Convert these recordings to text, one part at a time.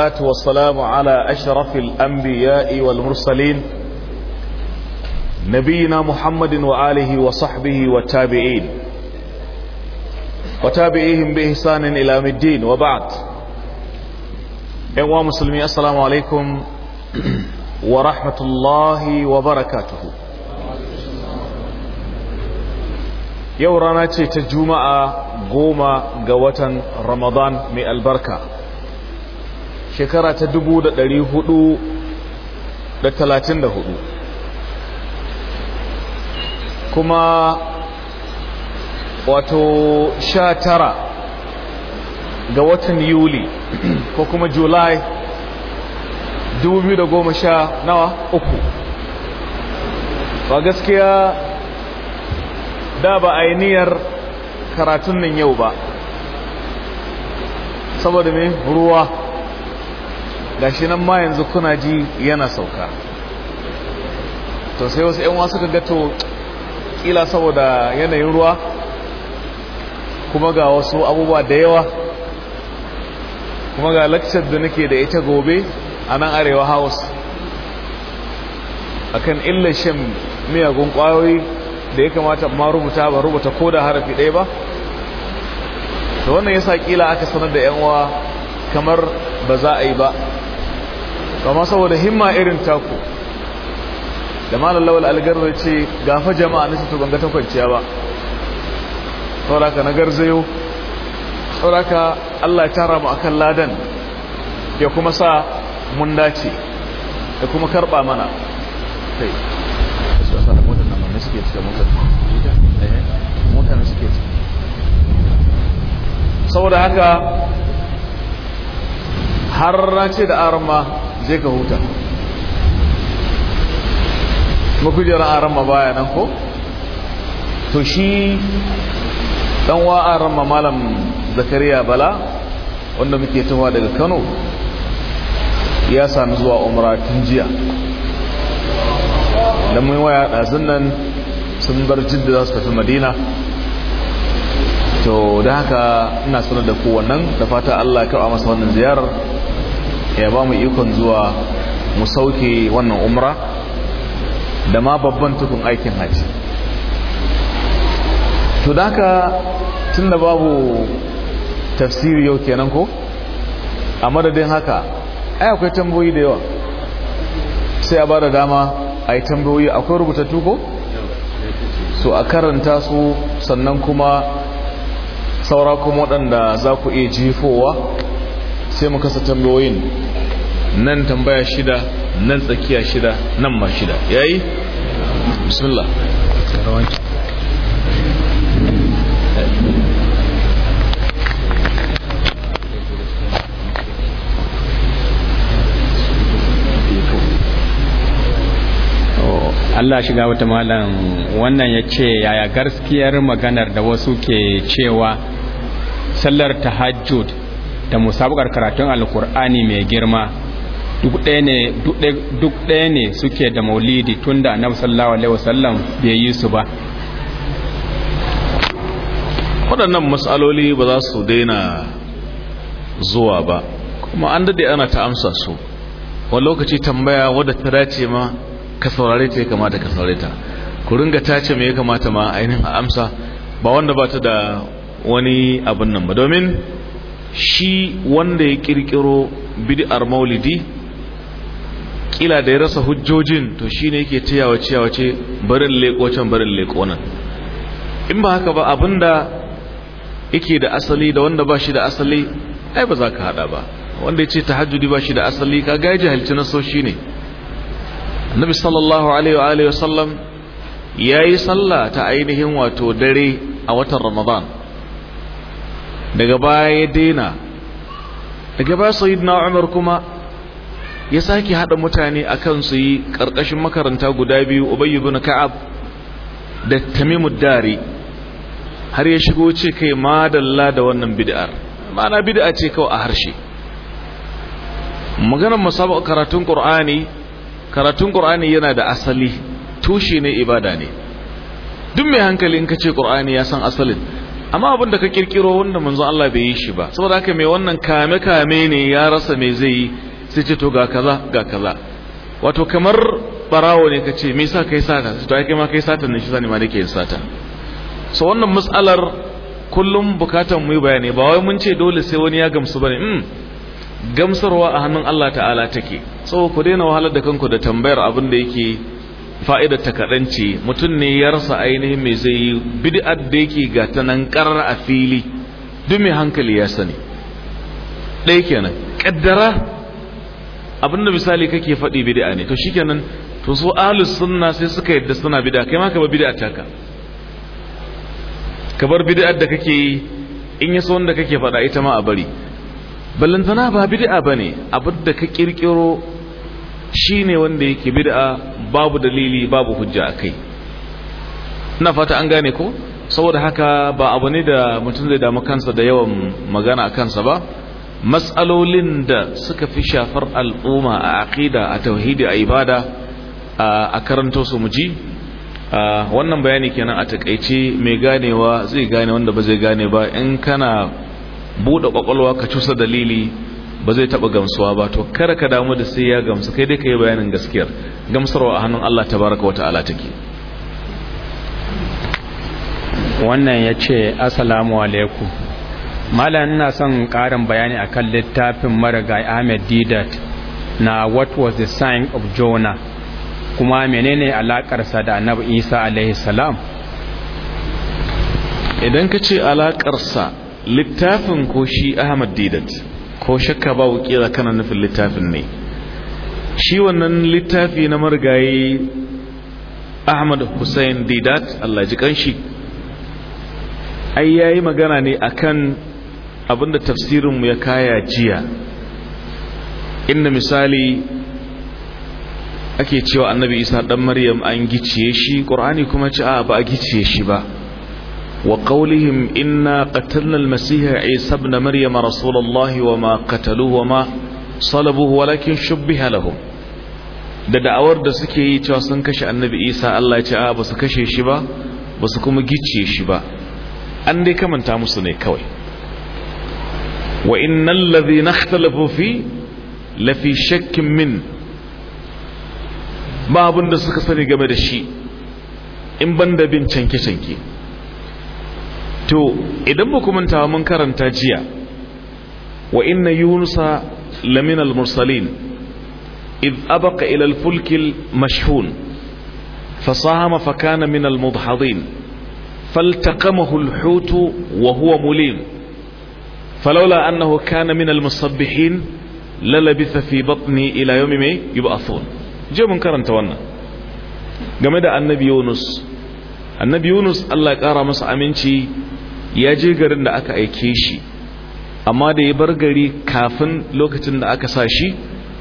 والصلاة والسلام على أشرف الأنبياء والمرسلين نبينا محمد وآله وصحبه والتابعين وتابعيهم بإحسان إلى مدين وبعد أيها المسلمين السلام عليكم ورحمة الله وبركاته يورانا تجمع قوم قوة رمضان من البركة shekara ta dubu da dari hudu da talatin da hudu kuma wato sha tara ga watan yuli ko kuma july dubu biyu da goma sha nawa uku ba gaskiya da ba a karatun nan yau ba saboda mai ruwa gashi nan ma yanzu kuna ji yana sauka to sai wasu yan wasu ga to kila saboda yanayin ruwa kuma ga wasu abubuwa da yawa kuma ga lakcar da nake da ita gobe a nan arewa house akan illar shan miyagun kwayoyi da ya kamata ma rubuta ba rubuta ko da harafi ɗaya ba da wannan yasa kila aka sanar da 'yan wa kamar ba za a yi ba kama saboda himma irin taku da malar lawal algarra ce gafa jama'a nisa to ganga takwanciya ba tsoraka na garzayo tsoraka allah ya tara mu kan ladan ya kuma sa mun dace da kuma karba mana kai su a da motar na mamaye suke cika motar eh, motar na suke saboda haka har ce da arma zai ka huta jira a ramma baya nan ko to shi ɗanwa a ramma malam zakariya bala wanda muke tawa daga kano ya sami zuwa umra tun jiya da mai waya ɗazin nan sun bar jidda za su tafi madina to da haka ina sanar da kowannan da fata allah ya masa wannan ziyarar ya ba mu ikon zuwa mu sauke wannan umra da ma babban tukun aikin haji to daga haka tun da babu tafsiri yau kenan ko a madadin haka ai akwai tambayoyi da yawa sai a bada dama a yi tambayoyi akwai rubuta ko so a karanta su sannan kuma saura kuma waɗanda za ku iya jifowa sai mu kasa tambayoyin nan tambaya shida nan tsakiya shida nan ma shida yayi bismillah Allah shiga wata malam wannan ya ce yaya gaskiyar maganar da wasu ke cewa sallar tahajjud da musabakar karatun alkur'ani mai girma duk ɗaya ne suke da maulidi tunda annabi sallallahu alaihi wasallam bai yi su ba waɗannan masaloli ba za su daina zuwa ba kuma an daɗe ana ta amsa su wani lokaci tambaya wadda ta dace ma ka saurare ta ya kamata ka saurare ta ku ringa tace me ya kamata ma ainihin amsa ba wanda ba ta da wani abin nan ba domin shi wanda ya kirkiro bid'ar maulidi kila da ya rasa hujjojin to shine yake ta yawace ce barin leko can barin leko nan in ba haka ba abinda yake da asali da wanda ba shi da asali ai ba za ka hada ba wanda ya ce ta hajjudi ba shi da asali ka gaya jahilci na so ne. annabi sallallahu alaihi wa sallam ya yi sallah ta ainihin wato dare a watan ramadan daga baya ya daina daga baya sayyidina umar kuma ya sake haɗa mutane akan su yi karkashin makaranta guda biyu ubay ibn ka'ab da Tamimu dari har ya shigo ce kai madalla da wannan bid'ar ma'ana bid'a ce kawai a harshe maganar musabaka karatun qur'ani karatun qur'ani yana da asali tushe ne ibada ne duk mai hankali in ka ce qur'ani ya san asalin amma abin da ka kirkiro wanda manzo Allah bai yi shi ba saboda haka mai wannan kame kame ne ya rasa mai zai yi sai ce to ga kaza ga kaza wato kamar barawo ne ka ce me yasa kai sata to ai kai ma kai sata ne shi zani ma nake yin sata so wannan mas'alar kullum bukatan mu yi bayani ba wai mun ce dole sai wani ya gamsu bane mm gamsarwa a hannun Allah ta'ala take so ku daina wahalar da kanku da tambayar abin da yake Fa'ida ta kaɗan ce mutum ne ya rasa ainihin mai zai yi bid'ar da yake ga ta nan ƙarar a fili duk mai hankali ya sani ɗaya kenan ƙaddara abin da misali kake faɗi bid'a ne to shikenan to su ahlus sunna sai suka yadda suna bid'a kai ma ka bar bid'a taka ka bar bid'a da kake yi in ya wanda kake faɗa ita ma a bari ballantana ba bid'a bane abin da ka ƙirƙiro. Shi ne wanda yake bid'a babu dalili babu hujja a kai. na fata an gane ko saboda haka ba abu ne da mutum zai damu kansa da yawan magana a kansa ba matsalolin da suka fi shafar al'umma a aqida a tauhidi a ibada a karanto su muji wannan bayani kenan a takaice mai ganewa zai gane wanda ba zai gane ba in kana buɗe ƙwaƙwalwa ka cusa dalili ba zai taba gamsuwa ba to kar ka damu da sai ya gamsu kai dai ka yi bayanin gaskiyar gamsarwa a hannun Allah tabaraka wa ta'ala take wannan ya ce assalamu alaikum malam ina son karin bayani akan littafin maraga ahmed didat na what was the sign of jonah kuma menene alakarsa da annabi isa alaihi salam idan ka ce alakarsa littafin ko shi ahmad didat ko shakka ba kira kana nufin littafin ne shi wannan littafi na marigayi ahmad hussein didat allah ji kanshi ai yayi magana ne akan abinda tafsirinmu ya kaya jiya inda misali ake cewa annabi isa dan maryam an giciye shi qur'ani kuma ci a ba a giciye shi ba وقولهم إنا قتلنا المسيح عيسى ابن مريم رسول الله وما قتلوه وما صلبوه ولكن شبه لهم da da'awar da suke yi cewa sun kashe annabi isa Allah ya ce a ba su kashe shi ba ba su kuma gicce shi ba an dai kamanta musu ne kawai wa innal ladhina ikhtalafu fi lafi shakkin min ba abin da suka sani game da shi in banda bin canke-canke to idan ba ku mantawa mun karanta jiya wa inna yunusa la al-mursalin id abaka ilal al mashhun fa sahama fa kana min al-mudhadhin hulhutu al-hut wa huwa mulim falawla annahu kana minal musabbihin lalabitha fi batni ila yawmi may yub'athun je mun karanta wannan game da annabi yunus annabi yunus Allah ya kara masa aminci ya je garin da aka aike shi amma da ya bar gari kafin lokacin da aka sa shi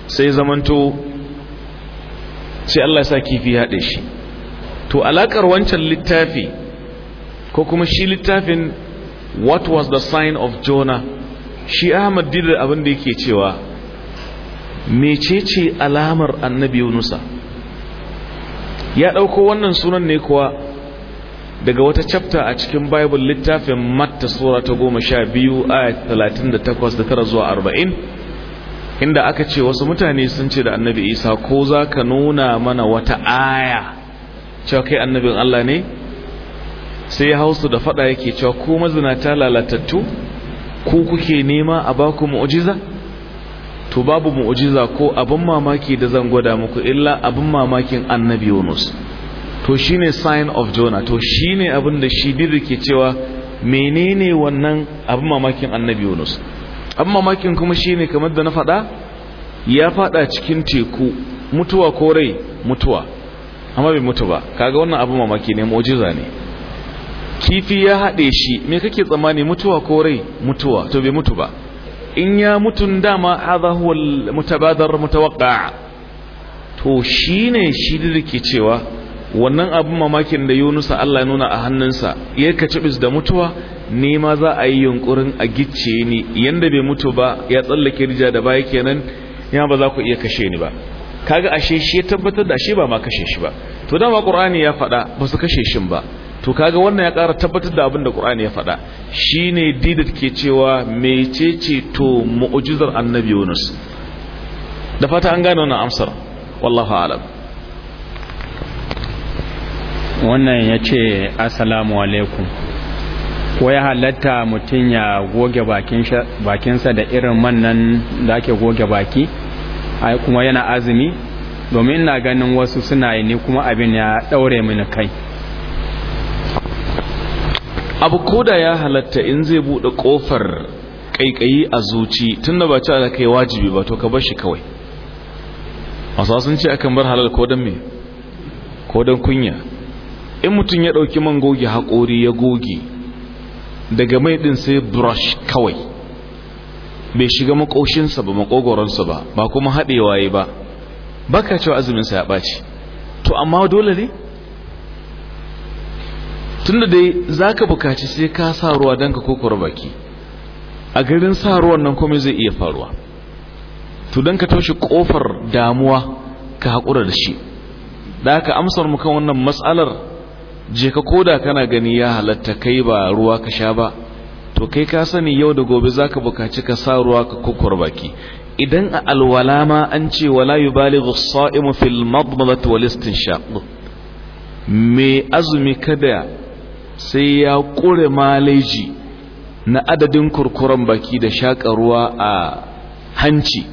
sai zamanto sai Allah sa kifi haɗe shi to alaƙar wancan littafi ko kuma shi littafin what was the sign of Jonah shi Ahmad dida abin da yake cewa mecece alamar annabi Yunusa ya ɗauko wannan sunan ne kuwa daga wata chapter a cikin bible littafin matta sura ta goma sha biyu ayat talatin da tara zuwa arba'in inda aka ce wasu mutane sun ce da annabi isa ko za ka nuna mana wata aya cewa kai annabin allah ne sai ya hausu da fada yake cewa ko mazinata lalatattu ko kuke nema a baku mu'ujiza to babu mu'ujiza ko abin mamaki da zan gwada muku illa abin mamakin annabi yunus to shine sign of Jonah to shine abin da shi didi ke cewa menene wannan abin mamakin annabi Yunus abin mamakin kuma shine kamar da na faɗa ya faɗa cikin teku mutuwa ko rai mutuwa amma bai mutu ba kaga wannan abin mamaki ne mu'jiza ne kifi ya haɗe shi me kake tsammani mutuwa ko rai mutuwa to bai mutu ba in ya mutun dama hadha huwa mutabadar mutawaqqa to shine shi da ke cewa wannan abin mamakin da yunusa allah nuna a hannunsa ya kacibis da mutuwa ne ma za a yi yunkurin a gicce ni yadda bai mutu ba ya tsallake rija da baya kenan ya ba za ku iya kashe ni ba kaga ashe shi ya tabbatar da ashe ba ma kashe shi ba to ma qur'ani ya faɗa ba su kashe shin ba to kaga wannan ya ƙara tabbatar da abin da qur'ani ya faɗa shine didat ke cewa mecece to mu'jizar annabi yunus da fata an gane wannan amsar wallahu a'lam wannan ya ce assalamu alaikum ko ya halatta mutum ya goge bakinsa da irin man nan da ake goge baki ai kuma yana azumi domin ina ganin wasu suna yi ne kuma abin ya daure mini kai abu koda ya halatta in zai bude kofar kaikayi a zuci tunda ba ci ala kai wajibi ba to ka bar shi kawai masu sun ce akan bar halal ko me ko don kunya in mutum ya ɗauki man goge haƙori ya goge daga mai ɗin sai brush kawai bai shiga makoshinsa ba makogoronsa ba ba kuma haɗewa yi ba ba ka cewa azuminsa ya ɓaci to amma dole ne tunda dai za ka bukaci sai ka sa ruwa don ka kokoro baki a garin sa ruwan nan komai zai iya faruwa to don ka toshe ƙofar damuwa ka haƙura da shi da aka amsar mu kan wannan matsalar Jeka ka koda kana gani ya halatta kai ba ruwa ka sha ba to kai ka sani yau da gobe zaka bukaci ka sa ruwa ka kukkur baki idan a alwala ma an ce wala yubalighu saimu fil madmadat wal istinshaq me azumi kada sai ya kure maleji na adadin kurkuran baki da shaka ruwa a hanci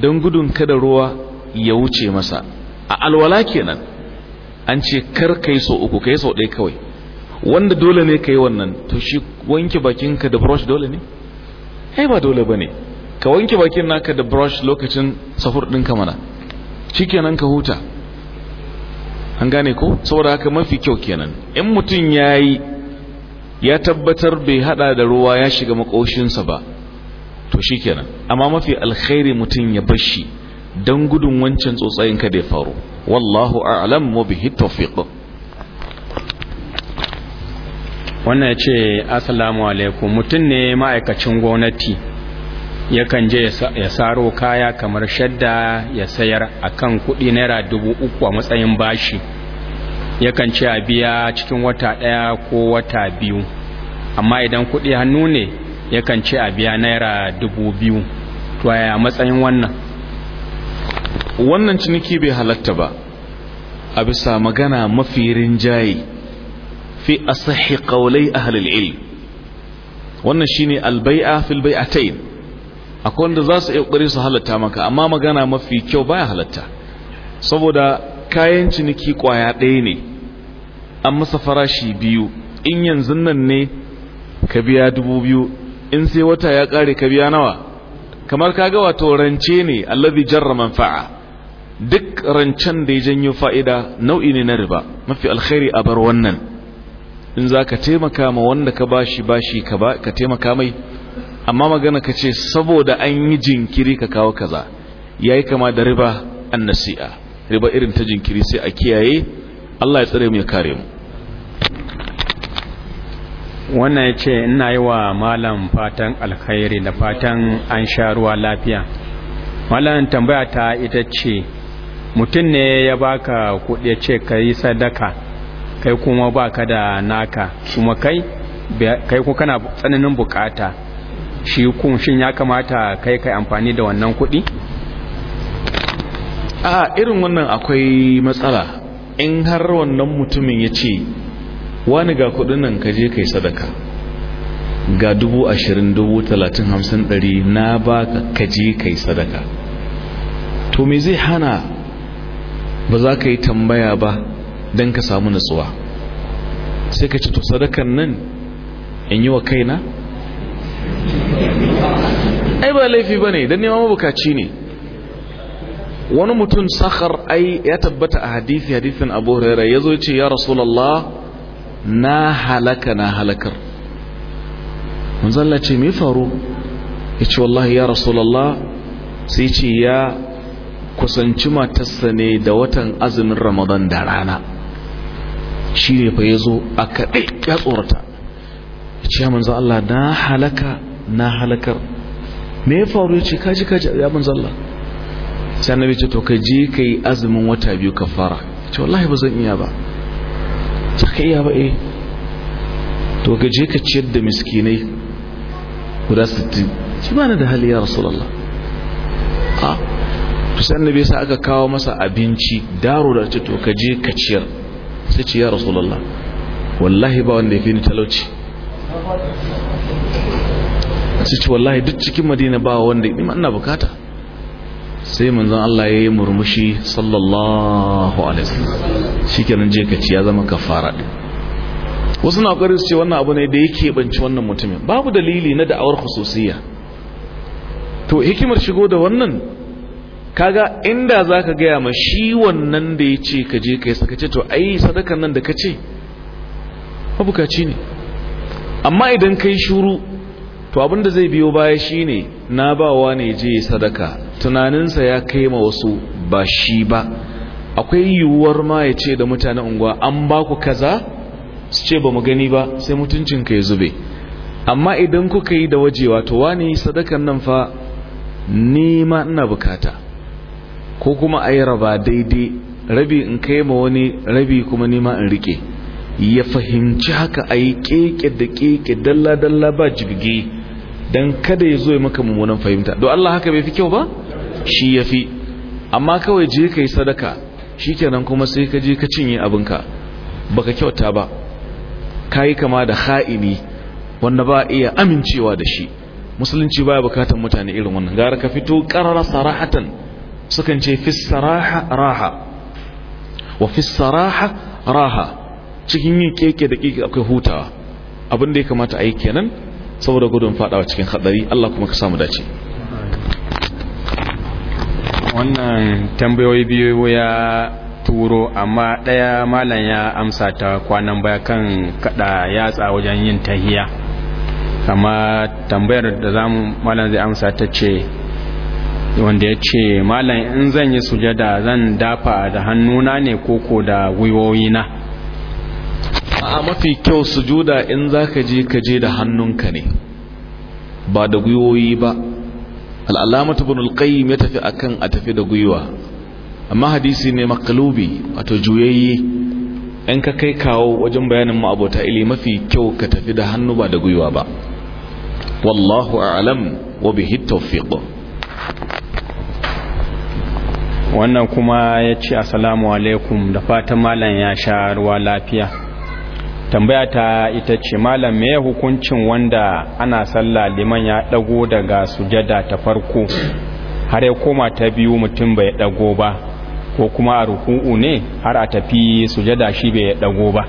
don gudun kada ruwa ya wuce masa a alwala kenan an ce kar ka yi sau uku ka yi sau ɗaya kawai wanda dole ne ka yi wannan to shi wanke bakinka da brush dole ne ai ba dole ba ne ka wanke bakin naka da brush lokacin safur ɗinka mana shikenan ka huta an gane ko saboda haka mafi kyau kenan in mutum ya yi ya tabbatar bai hada da ruwa ya shiga makoshinsa ba to shikenan amma mafi alkhairi mutum ya bashi. shi don gudun wancan tsotsayin ka da ya faru wallahu a'lam mu bihi tawfiq wannan ya ce assalamu alaikum mutum ne ma'aikacin gwamnati yakan je ya saro kaya kamar shadda ya sayar akan kuɗi naira dubu uku a matsayin bashi yakan ce a biya cikin wata ɗaya ko wata biyu amma idan kuɗi hannu ne yakan ce a biya naira dubu biyu to a matsayin wannan wannan ciniki bai halatta ba a bisa magana mafi rinjaye fi a asahi qawlai ahlul ilm wannan shi shine albai'a fil bai'atayn akwai wanda za su kokari su halatta maka amma magana mafi kyau baya halatta saboda kayan ciniki kwaya ɗaya ne an masa farashi biyu in yanzu nan ne ka biya dubu biyu in sai wata ya ƙare ka biya nawa kamar kaga wato rance ne allazi jarra manfa'a duk rancen da ya janyo fa'ida nau'i ne na riba mafi alkhairi a bar wannan in za ka taimaka ma wanda ka bashi bashi ka taimaka mai amma magana ka ce saboda an yi jinkiri ka kawo kaza ya yi kama da riba an nasi'a riba irin ta jinkiri sai a kiyaye Allah ya tsare mu ya kare mu wannan ya ce ina yi wa malam fatan alkhairi da fatan an sha ruwa lafiya malam tambaya ta ita ce mutum ne ya baka kuɗi ya ce ka yi sadaka kai kuma baka da naka kuma kai kai ko kana tsananin bukata shi kun shin ya kamata kai kai amfani da wannan kuɗi a irin wannan akwai matsala in har wannan mutumin ya ce wani ga kuɗin nan ka je kai sadaka ga dubu ashirin dubu talatin hamsin dari na ba ka kaje kai sadaka to me zai hana ba za ka yi tambaya ba don ka samu nutsuwa sai ka ci to sadakan nan in yi wa kaina ai ba laifi ba ne don nema mabukaci ne wani mutum sakar ai ya tabbata a hadithi hadithin abu huraira ya zo ce ya rasulallah na halaka na halakar manzalla ce mai faru ya ce wallahi ya rasulallah sai ce ya kusanci matarsa ne da watan azumin ramadan da rana shi ne fa ya zo a kaɗai ya tsorata ya ce manzo Allah na halaka na halakar me ya faru ya ce kaji kaji ya manzo Allah sai annabi ce to ka je ka yi azumin wata biyu ka fara ce wallahi ba zan iya ba za ka iya ba eh to ka je ka ciyar da miskinai guda 60 shi ba da hali ya rasulallah a ah, kusan nabi sa aka kawo masa abinci daro da ce to kaje ka ciyar sai ce ya rasulullah wallahi ba wanda yafi ni talauci sai ce wallahi duk cikin madina ba wanda ni ina bukata sai manzon Allah ya yi murmushi sallallahu alaihi wasallam shikenan je ka ciya zama kafara din wasu na ƙwari su ce wannan abu ne da yake banci wannan mutumin babu dalili na da'awar khususiyya to hikimar shigo da wannan kaga inda za ka gaya ma shi wannan da ya ce ka je ka yi sakace to ai sadakan nan da ka ce mabukaci ne amma idan ka yi shuru to abinda zai biyo baya shi ne na bawa ne je sadaka tunaninsa ya kai ma wasu ba shi ba akwai yiwuwar ma ya ce da mutane unguwa an ba ku kaza su ce ba mu gani ba sai mutuncinka ya zube amma idan kuka yi da wajewa to wani sadakan nan fa nema ma ina bukata ko kuma a yi raba daidai rabi in kai ma wani rabi kuma nima in rike ya fahimci haka a yi keke da keke dalla-dalla ba jirgi don kada ya zo ya maka mummunan fahimta don Allah haka bai fi kyau ba shi ya fi amma kawai je ka yi sadaka shi kenan kuma sai ka je ka cinye abinka baka kyauta ba ka yi kama da ha'ini wanda ba a iya amincewa da shi musulunci baya bukatan mutane irin wannan gara ka fito tsara sarahatan sukan ce fi saraha raha wa fi saraha raha cikin yin keke da keke akwai hutawa abin da ya kamata a yi kenan saboda gudun fadawa cikin hadari Allah kuma ka samu dace wannan tambayoyi biyu ya turo amma ɗaya malam ya amsa ta kwanan baya kan kada yatsa wajen yin tahiya amma tambayar da zamu malam zai amsa ta ce wanda ya ce malam in zan yi sujada zan dafa da hannuna ne koko da gwiwoyina a mafi kyau sujuda in zaka je ka je da hannunka ne ba da gwiwoyi ba al'alamatu bin alƙayyim ya tafi akan a tafi da gwiwa amma hadisi ne makalubi wato juyayi. in ka kai kawo wajen bayanin ma'abota ili mafi kyau ka tafi da hannu ba da gwiwa ba wallahu a'lam wa bihi tawfiq wannan kuma ya ce assalamu alaikum da fatan malam ya sha ruwa lafiya tambaya ta ita ce malam me hukuncin wanda ana sallah liman ya dago daga sujada ta farko har ya koma ta biyu mutum bai dago ba ko kuma a ruku'u ne har a tafi sujada shi bai dago ba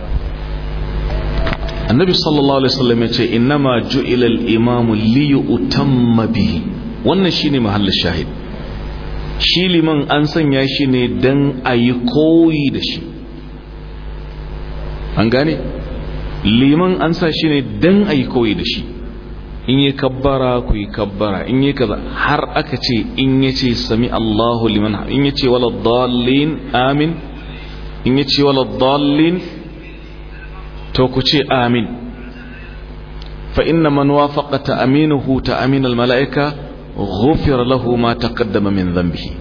annabi sallallahu alaihi wasallam ya ce innama ju'ila al-imamu li yu'tamma bihi wannan shine mahallin shahid shi liman an sanya shi ne don a yi koyi da shi an gane liman an sa shi ne don a yi koyi da shi in yi kabbara ku yi kabbara in yi kaza har aka ce in ya ce sami allahu liman in ya ce wala dallin amin in ya ce wala dallin to ku ce amin fa inna man wafaqa ta aminuhu ta aminal mala'ika ghufira lahu ma taqaddama min dhanbihi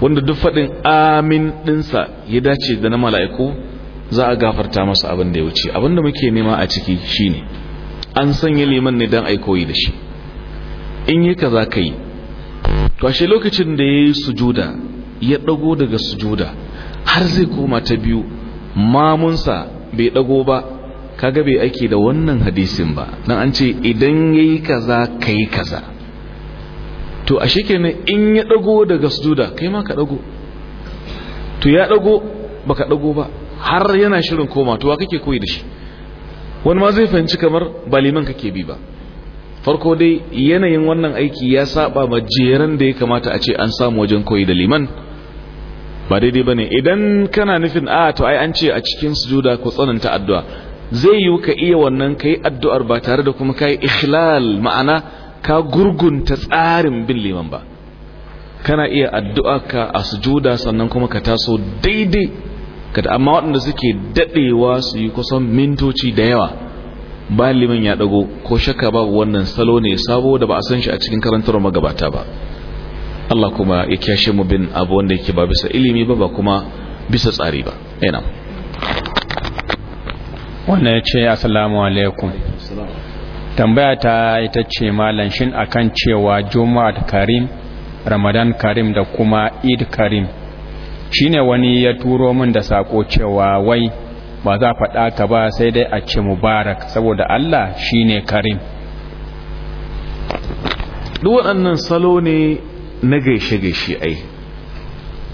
wanda duk fadin amin dinsa ya dace da na mala'iku za a gafarta masa abin da ya wuce abin da muke nema a ciki shine an sanya liman ne dan ai koyi da shi in yi kaza kai to ashe lokacin da yayi sujuda ya dago daga sujuda har zai koma ta biyu mamunsa bai dago ba kaga bai aiki da wannan hadisin ba dan an ce idan yayi kaza kai kaza to a kenan in ya dago daga sujuda kai ma ka dago to ya dago baka dago ba har yana shirin koma to wa kake koyi da shi wani ma zai fahimci kamar ba liman kake bi ba farko dai yanayin wannan aiki ya saba ma jeran da ya kamata a ce an samu wajen koyi da liman ba daidai bane idan kana nufin a ah, to ai an ce a cikin sujuda ko tsananta addu'a zai yi ka iya wannan kai addu'ar ba tare da kuma kai ikhlal ma'ana ka gurgunta tsarin bin liman ba kana iya addu'a ka a sujuda sannan kuma ka taso daidai kada amma waɗanda suke daɗewa su yi kusan mintoci da yawa bayan liman ya ɗago ko shakka babu wannan salo ne sabo da ba a san shi a cikin karantar magabata ba Allah kuma ya kyashe mu bin abu wanda yake ba bisa ilimi ba ba kuma bisa tsari ba ina wannan ya ce assalamu alaikum tambaya ta ita ce malam shin akan cewa juma'a karim ramadan karim da kuma id karim shine wani ya turo min da sako cewa wai ba za faɗa ka ba sai dai a ce mubarak saboda allah shine karim duk waɗannan salo ne na gaishe-gaishe ai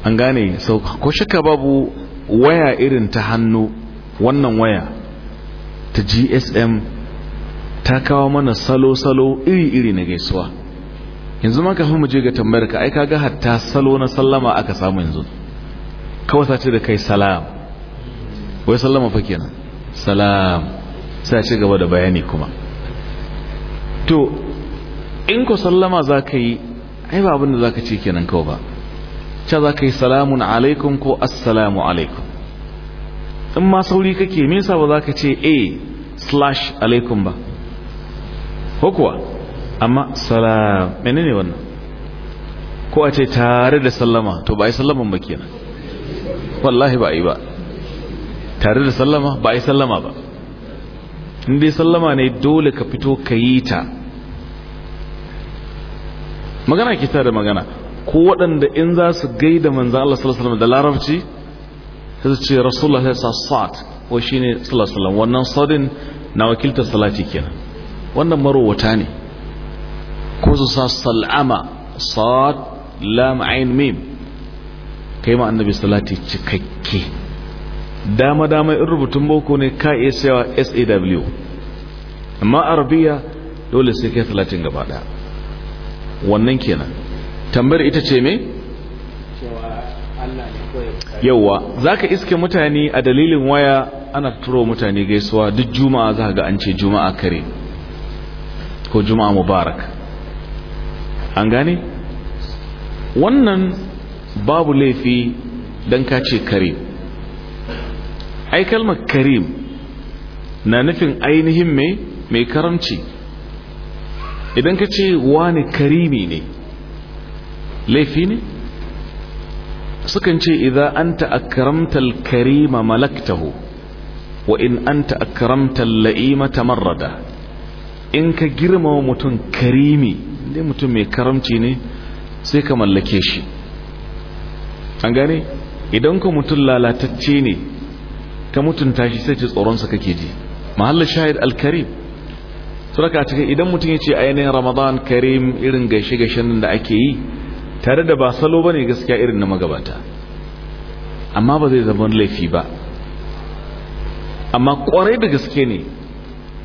an gane sau ko shaka babu waya irin ta hannu wannan waya ta gsm ta kawo mana salo-salo iri-iri na gaisuwa yanzu ma kafin mu je ga tambayar ka ai kaga hatta salo na sallama aka samu yanzu kawai sace da kai salam wai sallama fa kenan salam sai ci gaba da bayani kuma to in ko sallama za ka yi ai ba abin da za ka ce kenan kawai ba ca za ka yi salamun alaikum ko assalamu alaikum in ma sauri kake me yasa ba za ka ce a eh, slash alaikum ba ko kuwa amma salam menene wannan ko a ce tare da sallama to ba yi sallaman ba kenan wallahi ba yi ba tare da sallama ba yi sallama ba in dai sallama ne dole ka fito ka yi ta magana ke da magana ko waɗanda in za su gaida manzo Allah sallallahu alaihi wasallam da larabci sai su ce rasulullah sallallahu sa sa'at wa shine sallallahu alaihi wasallam wannan sadin na wakiltar salati kenan wannan marowata ne ko su sa sal'ama sad lam ain mim kai ma annabi salati cikakke dama dama in rubutun boko ne ka iya cewa saw amma arabiya dole sai kai salatin gaba daya wannan kenan tambayar ita ce me yauwa zaka iske mutane a dalilin waya ana turo mutane gaisuwa duk juma'a za ga an ce juma'a kare ko juma'a mubarak an gane wannan babu laifi don ka ce karim ai kalmar karim na nufin ainihin mai mai karamci idan ka ce wani karimi ne laifi ne sukan ce idan an taakaramtar karima malaktahu wa in an ta'akkaramtar la'ima marrada. in ka girmama mutum karimi dai mutum mai karamci ne sai ka mallake shi an gane idan ka mutum lalatacce ne ka mutunta shi sai ce tsoronsa kake ji mahallar shahid alkarim suraka cikin idan mutum ya ce ainihin ramadan karim irin gaishe-gaishen da ake yi tare da ba salo ba ne gaskiya irin na magabata amma ba zai zama laifi ba amma kwarai da gaske ne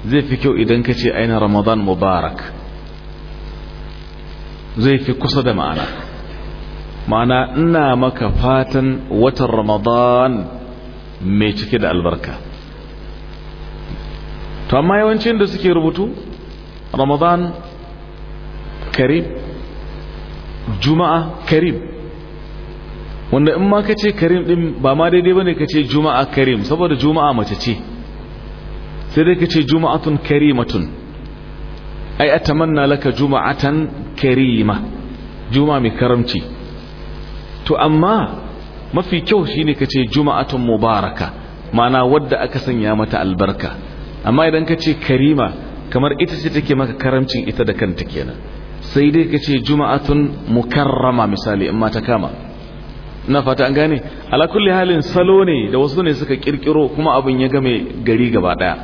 zai fi kyau idan ka ce ainihin ramadan mubarak zai fi kusa da ma'ana ma'ana ina maka fatan watan ramadan mai cike da albarka to amma yawancin da suke rubutu ramadan karib juma'a karib wanda in ma ka ce karim din ba ma daidai ba ka ce juma'a karim saboda juma'a mace ce sai dai kace juma'atun karimatun ai atamanna laka juma'atan karima juma'a mai karamci to amma mafi kyau shine kace juma'atun mubaraka ma'ana wadda aka sanya mata albarka amma idan kace karima kamar ita ce take maka karamcin ita da kanta kenan sai dai kace juma'atun mukarrama misali in ma ta kama na fata an gane ala kulli halin salo ne da wasu ne suka kirkiro kuma abin ya game gari gaba daya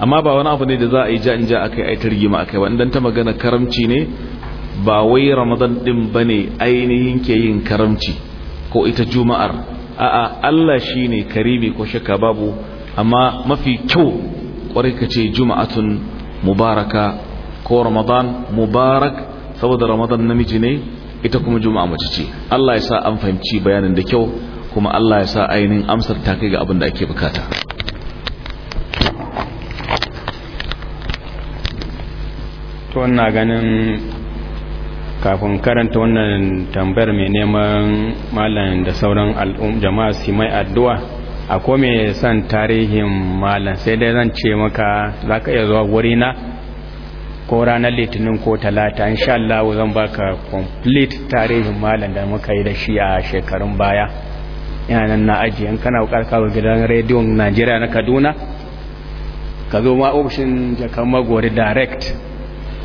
amma ba wani abu ne da za a yi ja in ja akai a targima akai wanda ta magana karamci ne ba wai ramadan din bane ainihin ke yin karamci ko ita juma'ar a'a Allah shine karimi ko shakka babu amma mafi kyau kwarai ka ce juma'atun mubaraka ko ramadan mubarak saboda ramadan namiji ne ita kuma juma'a mace ce Allah ya sa an fahimci bayanin da kyau kuma Allah ya sa ainihin amsar ta kai ga abin da ake bukata to ganin kafin karanta wannan tambayar mai neman malam da sauran jama'a su mai addu'a a kome san tarihin malam sai dai zan ce maka za ka iya zuwa wurina ko ranar litinin ko talata insha Allah zan baka complete tarihin malam da muka yi da shi a shekarun baya yana nan na ajiye kana kawo gidan rediyon najeriya na kaduna ka zo ma ofishin jakan magori direct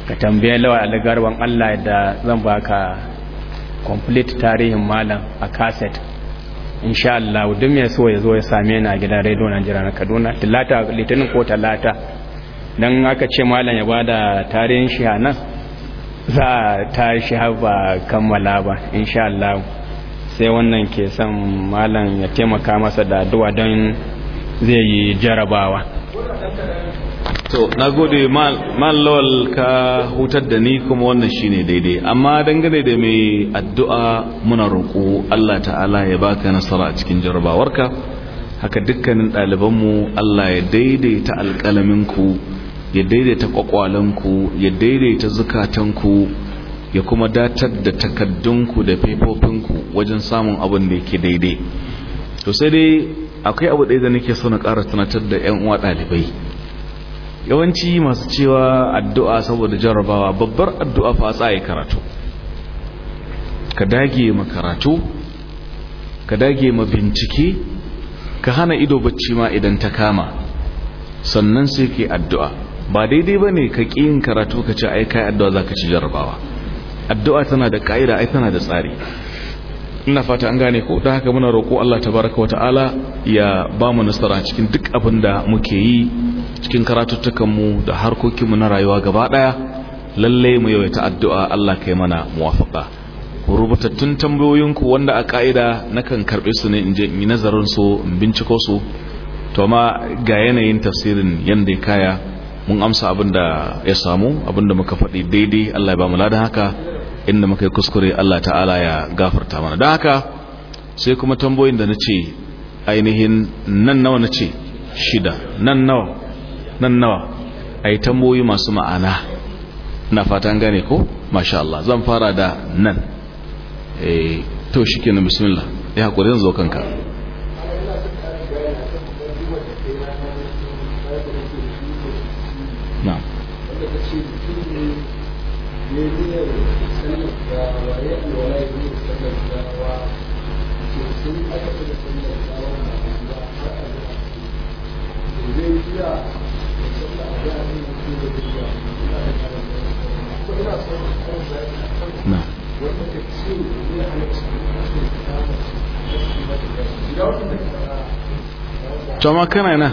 ka tambaye lawa algarwan Allah da zan baka complete tarihin malam a cassette insha Allah duk mai so ya zo ya same ni a gidan radio Najeriya na Kaduna talata litinin ko talata dan aka ce malam ya bada tarihin shi nan za ta shi haba kammala ba insha Allah sai wannan ke son malam ya taimaka masa da addu'a don zai yi jarabawa to na gode mallawal ka hutar da ni kuma wannan shine daidai amma dangane da mai addu'a muna roƙo Allah ta'ala ya baka nasara a cikin jarabawarka haka dukkanin ɗalibanmu Allah ya daidaita ku, ya daidaita ku, ya daidaita zukatanku ya kuma datar da takaddunku da faifofinku wajen samun abin da yake daidai to sai dai akwai abu ɗaya da nake so na ƙara tunatar da 'yan uwa ɗalibai yawanci masu cewa addu'a saboda jarrabawa babbar addu'a fa tsaye karatu ka dage ma karatu ka dage ma bincike ka hana ido bacci ma idan ta kama sannan sai ke addu'a ba daidai ba ne ka ƙi yin karatu ka ce ai yi addu'a za ka ci jarrabawa addu'a tana da ƙa'ida ai tana da tsari ina fata an gane ko da haka muna roƙo Allah tabaraka wa ta'ala ya ba mu nasara cikin duk abin da muke yi cikin karatuttukanmu da harkokinmu na rayuwa gaba ɗaya lallai mu yawaita addu'a Allah kai mana muwafaqa tun tambayoyinku wanda a ka'ida nakan karɓi su ne in je in yi nazarin su in binciko su to ma ga yanayin tafsirin yanda ya kaya mun amsa abin da ya samu abin da muka faɗi daidai Allah ya ba mu ladan haka inda muka yi kuskure Allah ta'ala ya gafarta mana don haka sai kuma tambayoyin da na ce ainihin nan nawa na ce shida nan nawa nan nawa a yi tamboyi masu ma'ana na fatan gane ko masha Allah zan fara da nan eh, to shi kenan bismillah ya haƙuri zan zo kanka na'am Yeah. Tama kana na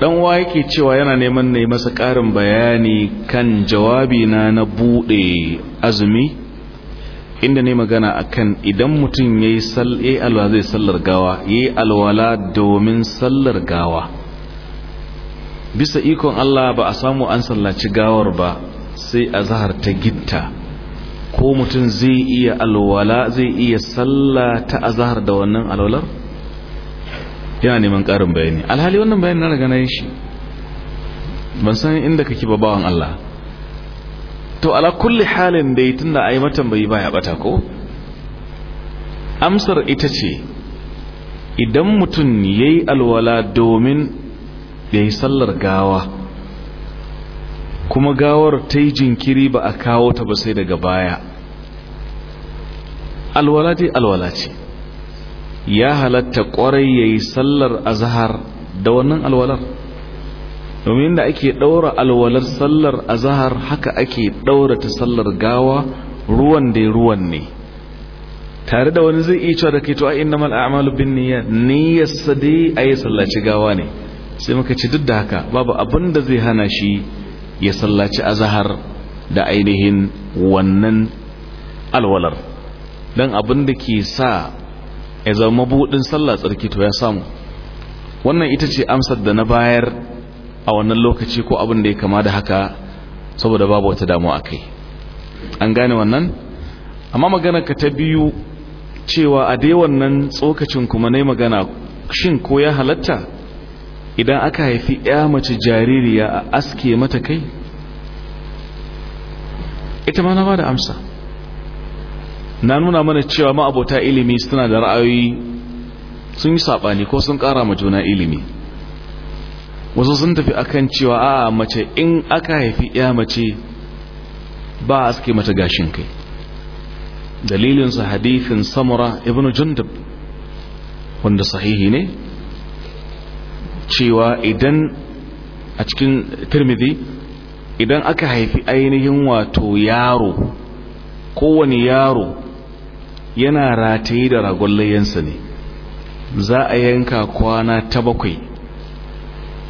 dan wa yake cewa yana neman ne masa ƙarin bayani kan jawabi na na bude azumi inda ne magana akan idan mutum yayi sal alwala zai sallar gawa yayi alwala domin sallar gawa bisa ikon Allah ba a samu an sallaci gawar ba sai a zahar ta gitta ko mutum zai iya alwala zai iya salla ta azahar da wannan alwalar yana neman ƙarin bayani alhali wannan bayani na daga na shi ban san inda kake ba bawan Allah to ala kulli halin da da tunda yi matan bai baya bata ko amsar ita ce idan mutum ya yi alwala domin ya sallar gawa kuma gawar ta yi jinkiri ba a kawo ta ba sai daga baya alwala dai alwala ce ya halatta kwarai ya yi sallar azahar da wannan alwalar domin da ake ɗaura alwalar sallar azahar haka ake ɗaura ta sallar gawa ruwan dai ruwan ne tare da wani zai iya cewa da ke to a inna a'malu bin niyyar niyyar sa dai ayi sallaci gawa ne sai muka ce duk da haka babu abin da zai hana shi ya sallaci azahar da ainihin wannan alwalar don abin da ke sa ya zama mabuɗin sallah tsarki to ya samu wannan ita ce amsar da na bayar a wannan lokaci ko abin da ya kama da haka saboda babu wata damuwa a kai an gane wannan amma magana ka ta biyu cewa a dai wannan tsokacin kuma na magana shin ko ya halatta idan aka haifi ya mace jaririya a aske mata kai ita ma na ba da amsa na nuna mana cewa ma'abota ilimi suna da ra'ayoyi sun yi saɓani ko sun ƙara ma juna ilimi wasu sun tafi akan cewa a mace in aka haifi ya mace ba a aske mata gashin kai dalilinsa hadithin samura ibnu jundub wanda sahihi ne cewa idan a cikin tirmidhi idan aka haifi ainihin wato yaro kowane yaro yana rataye da ragon layansa ne za a yanka kwana ta bakwai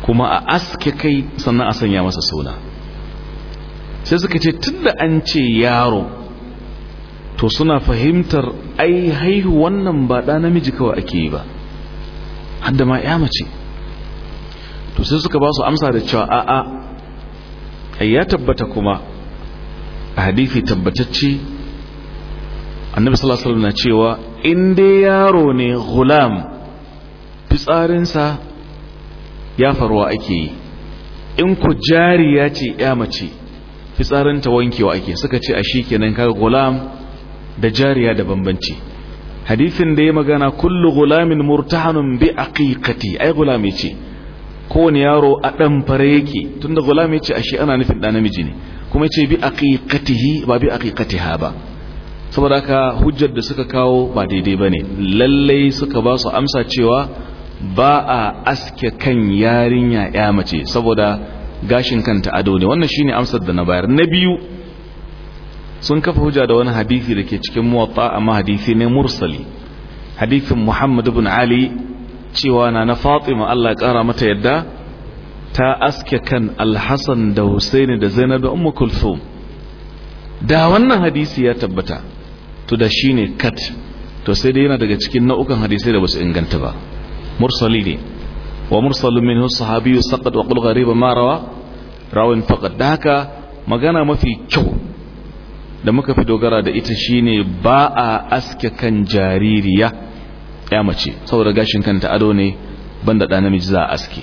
kuma a aske kai sannan a sanya masa suna sai suka ce tun da an ce yaro to suna fahimtar ai haihu wannan ba ɗa namiji kawai ake yi ba hadda ma ya mace to sai suka ba su amsa da cewa a'a ya tabbata kuma a hadisi tabbatacce annabi sallallahu alaihi na cewa in dai yaro ne gulam fitsarinsa ya faruwa ake yi in ku jariya ce ya mace fitsarinta wankewa ake suka ce a shi kenan kaga gulam da jariya da bambanci hadisin da ya magana kullu gulamin murtahanun bi aqiqati ai gulami ce kowane yaro a ɗan fara yake tun da gulam ya ce ashe ana nufin ɗan namiji ne kuma ya ce bi aqiqatihi ba bi aqiqatiha ba saboda haka hujjar da suka kawo ba daidai ba ne lallai suka ba su amsa cewa ba a aske kan yarinya ya mace saboda gashin kanta ado ne wannan shine amsar da na bayar na biyu sun kafa hujja da wani hadisi da ke cikin muwatta amma hadisi ne mursali hadisin muhammad ibn ali cewa na na fatima Allah ƙara mata yadda ta aske kan alhassan da husaini da zainab da ummu kulthum da wannan hadisi ya tabbata to da shine kat to sai dai yana daga cikin nau'ukan hadisai da basu inganta ba mursali ne wa mursalun minhu habiyu Sakad wa qul ghariba ma rawin da haka magana mafi kyau da muka fi dogara da ita shine ba a aske kan jaririya ya mace saboda gashin kanta ado ne banda da namiji za a aske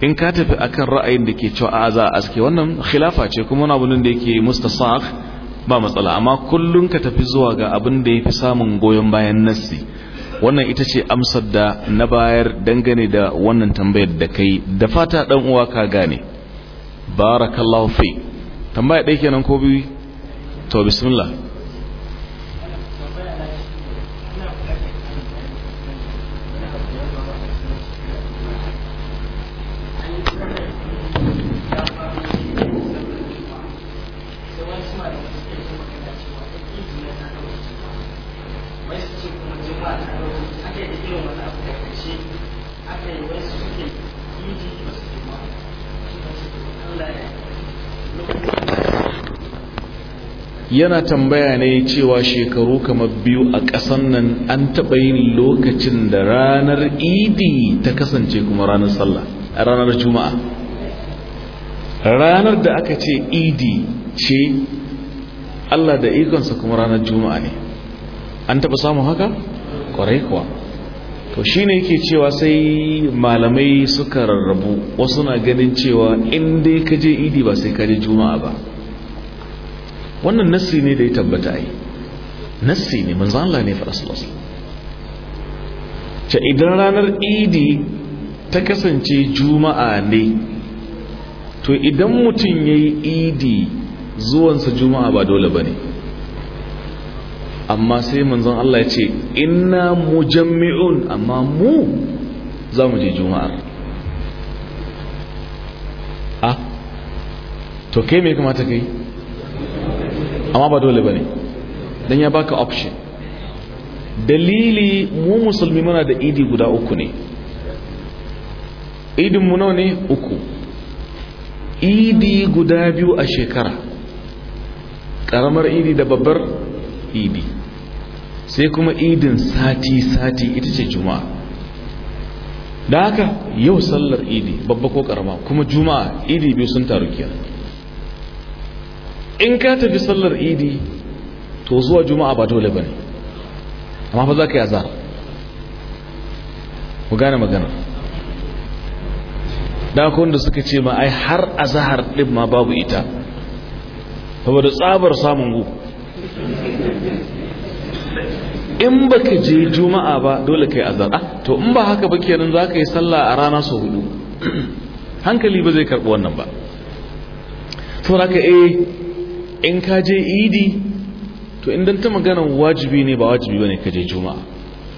in ka tafi akan ra'ayin da ke cewa a za a aske wannan khilafa ce kuma wani abun da yake mustasakh ba matsala amma kullun ka tafi zuwa ga abin da yafi samun goyon bayan nassi wannan ita ce amsar da na bayar dangane da wannan tambayar da kai da fata dan uwa ka gane barakallahu fi tambaya ɗaya kenan ko bi to bismillah yana tambaya ne cewa shekaru kamar biyu a ƙasan nan an taɓa yin lokacin da ranar idi ta kasance kuma ranar sallah ranar juma'a ranar da aka ce idi ce allah da ikonsa kuma ranar juma'a ne an taɓa samun haka? ƙwarai kuwa to shi ne yake cewa sai malamai suka rarrabu wasu na ganin cewa in dai ka je idi ba sai ka je juma'a ba wannan nassi ne da ya tabbata yi nassi ne manzo Allah ne fara sallallahu alaihi idan ranar idi ta kasance juma'a ne to idan mutum yayi idi zuwansa juma'a ba dole bane amma sai manzo Allah ya ce inna mujammi'un amma mu za mu je juma'a A, ah, to kai me kamata kai amma ba dole ba ne don ya baka option dalili mu musulmi muna da idi guda uku ne idinmu nawa ne uku idi guda biyu a shekara karamar idi da babbar idi sai kuma idin sati-sati ita ce juma'a da haka yau sallar idi babba ko karama kuma juma'a idi biyu sun taru kenan in ka tafi sallar idi to zuwa juma'a ba dole ba ne amma fa za ka yi ku gane magana dakon da suka ce ma ai har azahar ɗin ma babu ita saboda tsabar samun gu in baka je juma'a ba dole kai azar ah to in ba haka ba kenan za ka yi sallah a rana sau hudu hankali ba zai karɓi wannan ba to haka eh in ka je idi to in ta maganan wajibi ne ba wajibi ne ka je juma'a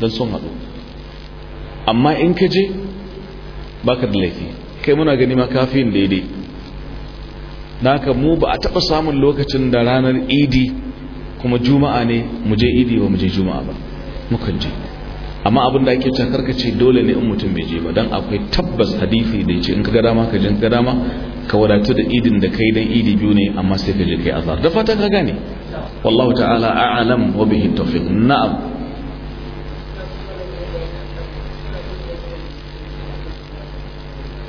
don sun haɗu amma in ka je baka da laifi kai muna gani ma kafin daidai Naka ka mu ba a taɓa samun lokacin da ranar idi kuma juma'a ne mu je idi ba mu je juma'a ba mukan je amma abin da ake cakar ka ce dole ne in mutum bai je ba don akwai tabbas hadisi da ya ce in ka ga dama ka je ka dama ka wadatu da idin da kai dan idi biyu ne amma sai ka je kai azhar da fatan ka gane wallahu ta'ala a'lam wa bihi tawfiq na'am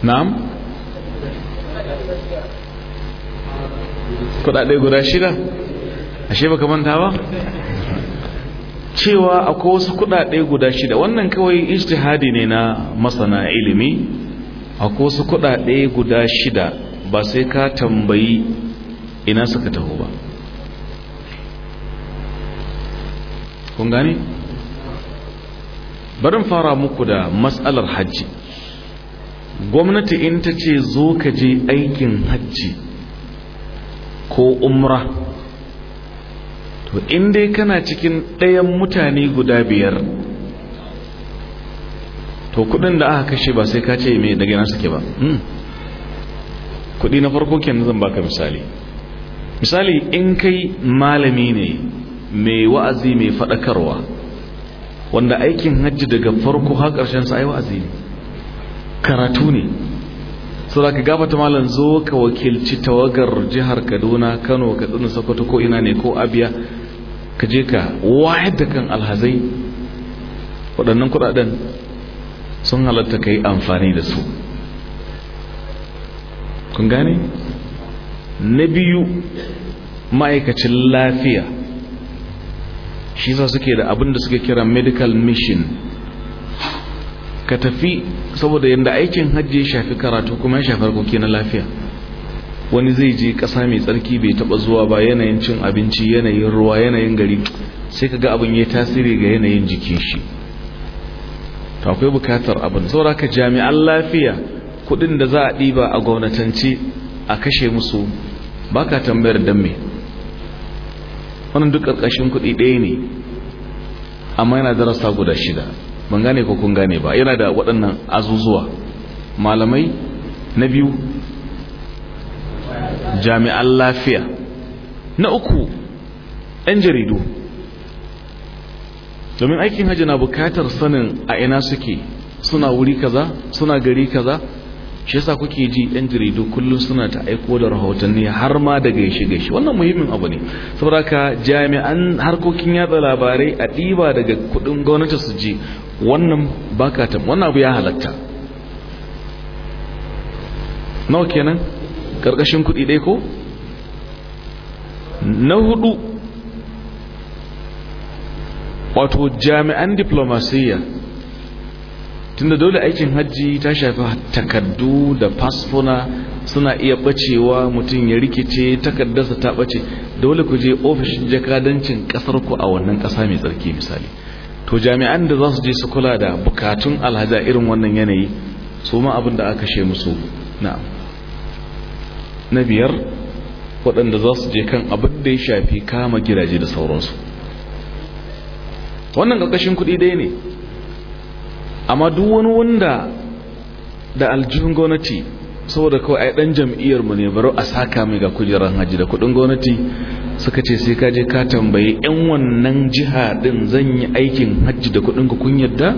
na'am Kuɗaɗe guda shida ashe baka manta ba cewa akwai wasu kuɗaɗe guda shida wannan kawai ijtihadi ne na masana ilimi akwai wasu kuɗaɗe guda shida ba sai ka tambayi ina suka taho ba kun gane barin fara muku da matsalar hajji gwamnati in ta ce zo ka je aikin hajji ko umra to in dai kana cikin ɗayan mutane guda biyar to kudin da aka kashe ba sai ka ce mai daga yana suke ba hmm. kuɗi na farko kenan zan baka misali misali in kai malami ne mai wa'azi mai faɗakarwa wanda aikin hajji daga farko har karshen sa ai wa'azi ne karatu ne so da ka gabata malam zo ka wakilci tawagar jihar kaduna kano katsina sokoto ko ina ne ko Abia, ka je ka wayar da kan alhazai waɗannan kuɗaɗen sun halatta ka amfani da su kun gane na biyu ma'aikacin lafiya shi sa suke da abin da suke kira medical mission ka tafi saboda yadda aikin hajji ya shafi karatu kuma ya shafi harkoki na lafiya wani zai je kasa mai tsarki bai taba zuwa ba yanayin cin abinci yanayin ruwa yanayin gari sai ka ga abin ya tasiri ga yanayin jikin shi ta akwai bukatar abin saboda ka jami'an lafiya kudin da za a ɗiba a gwamnatance a kashe musu ba ka tambayar don me wannan duk ƙarƙashin kuɗi ɗaya ne amma yana darasa guda shida ban gane ko kun gane ba yana da waɗannan azuzuwa malamai na biyu jami'an lafiya na uku ɗan jaridu domin aikin hajji na bukatar sanin a ina suke suna wuri kaza suna gari kaza shi yasa kuke ji yan jaridu kullum suna ta aiko da rahotanni har ma da gaishe gaishe wannan muhimmin abu ne saboda ka jami'an harkokin yada labarai a ɗiba daga kuɗin gwamnati su ji wannan baka ta, wannan abu ya halatta nawa kenan karkashin kuɗi ɗaya ko na hudu wato jami'an diplomasiyya tunda dole aikin hajji ta shafi takardu da fasfuna suna iya bacewa mutum ya rikice takardarsa ta bace dole ku je ofishin jakadancin kasar ku a wannan kasa mai tsarki misali to jami'an da za su je su kula da bukatun alhaji irin wannan yanayi su ma abin da aka she musu na'am na biyar waɗanda za su je kan abin da ya shafi kama gidaje da sauransu wannan ƙarƙashin kuɗi dai ne amma duk wani wanda da aljihun gwamnati saboda kawai ai dan jam'iyyar mu ne baro a saka mai ga kujerar haji da kudin gwamnati suka ce sai ka je ka tambaye yan wannan jiha din zan yi aikin haji da kudin ku kun yadda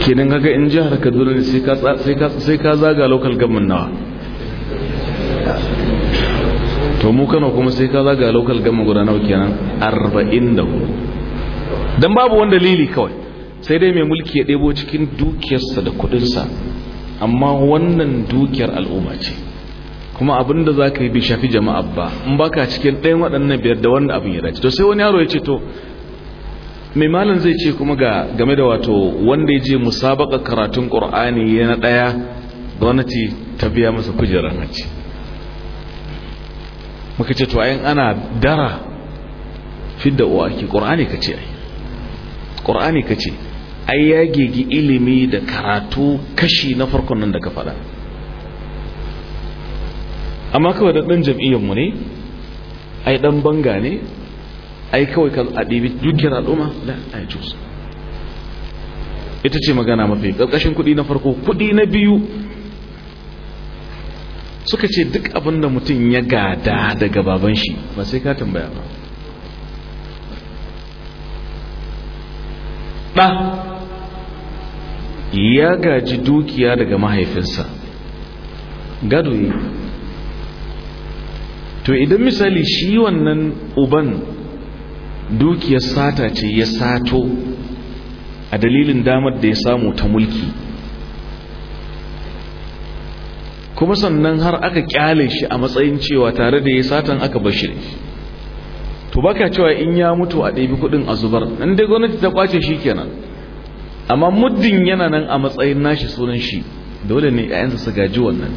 kenan kaga in jihar Kaduna ne sai ka sai ka sai ka zaga local government nawa to mu Kano kuma sai ka zaga local government guda nawa kenan 44 don babu wani dalili kawai sai dai mai mulki ya ɗebo cikin dukiyarsa da kudinsa amma wannan dukiyar al'umma ce kuma abin da za ka yi bi shafi jama'a ba in ba ka cikin ɗayan waɗannan biyar da wanda abin ya dace to sai wani yaro ya ce to mai malam zai ce kuma ga game da wato wanda ya je musabaka karatun ƙur'ani ya na ɗaya gwamnati ta biya masa kujerar hajji muka ce to ayin ana dara fidda uwa ake ƙur'ani ka ce ai ƙur'ani ka ce ai ya gegi ilimi da karatu kashi na farkon nan da ka faɗa amma kawai da ɗan jam'iyyarmu ne ai ɗan banga ne ai kawai ka a ɗibi dukkan al'umma da ai jus ita ce magana mafi ƙarƙashin kuɗi na farko kuɗi na biyu suka ce duk abin da mutum ya gada daga baban shi ba sai ka tambaya ba ɗa ya gaji dukiya daga mahaifinsa gado yi to idan misali shi wannan uban dukiyar sata ce ya sato a dalilin damar da ya samu ta mulki kuma sannan har aka kyale shi a matsayin cewa tare da ya satan aka bashe. to baka cewa in ya mutu a ɗabi kuɗin a zubar nan dai gwamnati ta kwace shi kenan amma muddin yana nan a matsayin nashi sunan shi dole ne ƴaƴansa su gaji wannan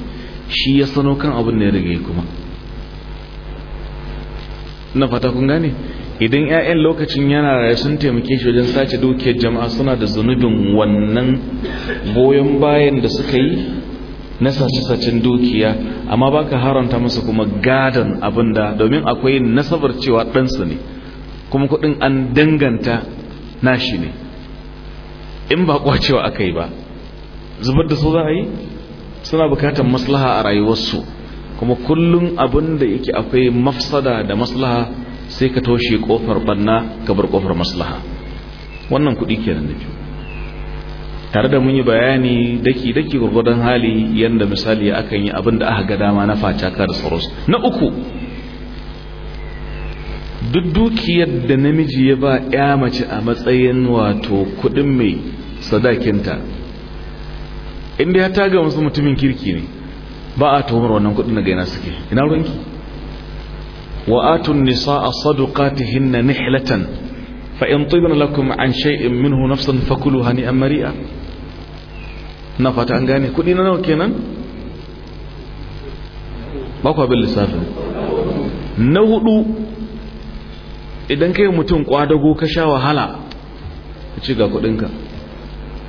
shi ya sano kan abin da ya rage kuma na fata kun gane idan ƴaƴan lokacin yana raye sun taimake shi wajen sace dukiyar jama'a suna da zunubin wannan goyon bayan da suka yi na dukiya amma baka haranta masa kuma gadon abinda domin akwai nasabar cewa ɗansu ne kuma kuɗin an danganta nashi ne in ba cewa aka yi ba zubar da su za a yi suna bukatar maslaha a rayuwarsu kuma kullum abin da yake akwai mafsada da maslaha sai ka toshe kofar banna ka bar kofar maslaha wannan kuɗi kenan da biyu tare da mun yi bayani daki daki gurgurdan hali yanda misali akan yi abin da aka ga dama na facaka da tsaros na uku duk dukiyar da namiji ya ba ya mace a matsayin wato kudin mai sadakinta inda ya taga wasu mutumin kirki ne ba a tuhumar wannan kudin daga yana suke ina ruwanki wa atun nisa a sadukatihinna nihlatan fa in tibna lakum an shay'in minhu nafsan fakuluha ni'am mari'a na fata an gane kudi na nawa kenan ba kwa bin lissafin na hudu idan kai mutum kwadago ka sha wahala ka ci ga kudinka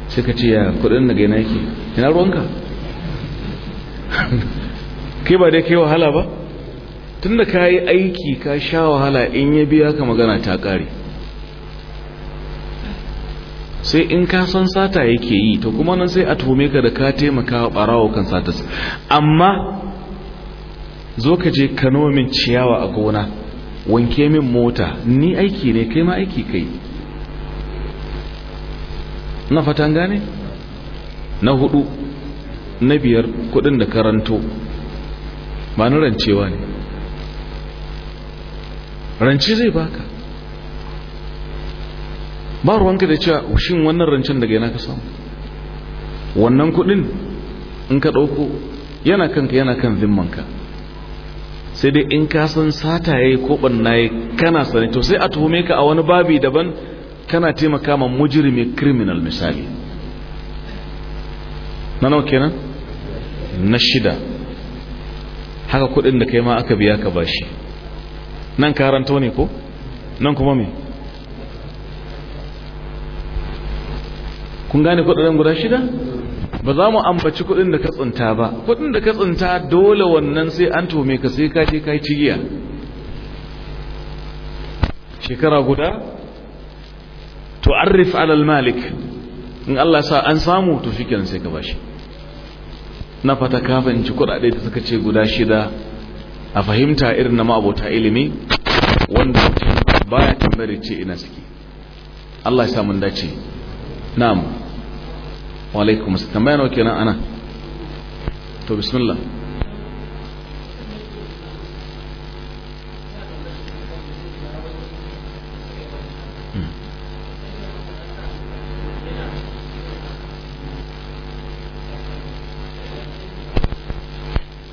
sai ka ce ya kudin daga yana yake yana ruwanka kai ba dai kai wahala ba tun da ka yi aiki ka sha wahala in ya biya ka magana ta kare sai in ka san sata yake yi to kuma nan sai a tuhume ka da ka taimaka wa barawo kan satas amma zo ka je ka noma min ciyawa a gona wanke min mota ni aiki ne kai ma aiki kai na fatan gane na hudu na biyar kudin da karanto ba ni rancewa ne rance zai baka ba ruwanka da cewa shin wannan rancen daga yana ka samu wannan kudin in ka dauko yana kanka yana kan zimmanka sai dai in ka san sata ya yi ko banna ya kana sani to sai a tuhume ka a wani babi daban kana taimaka ma mujrimi criminal misali na nawa kenan na shida haka kudin da kai ma aka biya ka bashi nan karanta ne ko nan kuma me kun gane kudaden guda shida ba za mu ambaci kudin da ka tsinta ba kudin da ka tsinta dole wannan sai an tome ka sai ka je kai cigiya shekara guda tu'arrif ala al-malik in Allah sa an samu to shikenan sai ka bashi na fata ka fahimci kudade da suka ce guda shida a fahimta irin na ma'abota ilimi wanda baya tambayar ce ina suke Allah ya sa mun dace na'am wa tambaya nawa kenan ana to bismillah hmm.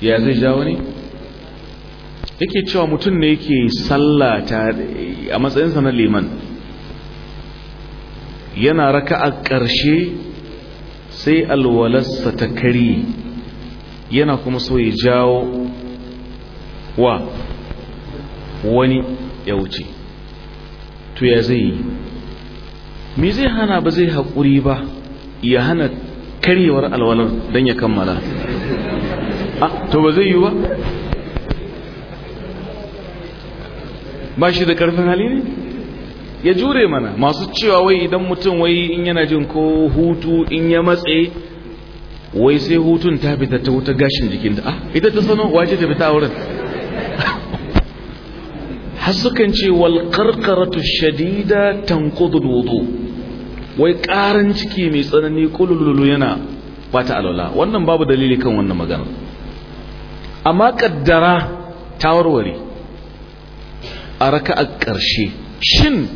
ya zai jawo yake cewa mutum ne yake sallah a matsayinsa na liman yana raka a ƙarshe sai alwalarsa ta kari yana kuma so ya jawo wa wani ya wuce to ya zai yi me zai hana ba zai haƙuri ba ya hana karyewar alwalar don ya kammala to ba zai yi ba ba shi da ƙarfin hali ne ya jure mana masu cewa wai idan mutum wai in yana jin ko hutu in ya matse wai sai hutun ta fita ta wuta gashin jikinta ah ita ta sano wace ta fita wurin har sukan ce wal karkaratu shadida tanqudu wudu wai karan ciki mai tsanani kululu yana bata alwala wannan babu dalili kan wannan magana amma kaddara ta warware a raka'a ƙarshe shin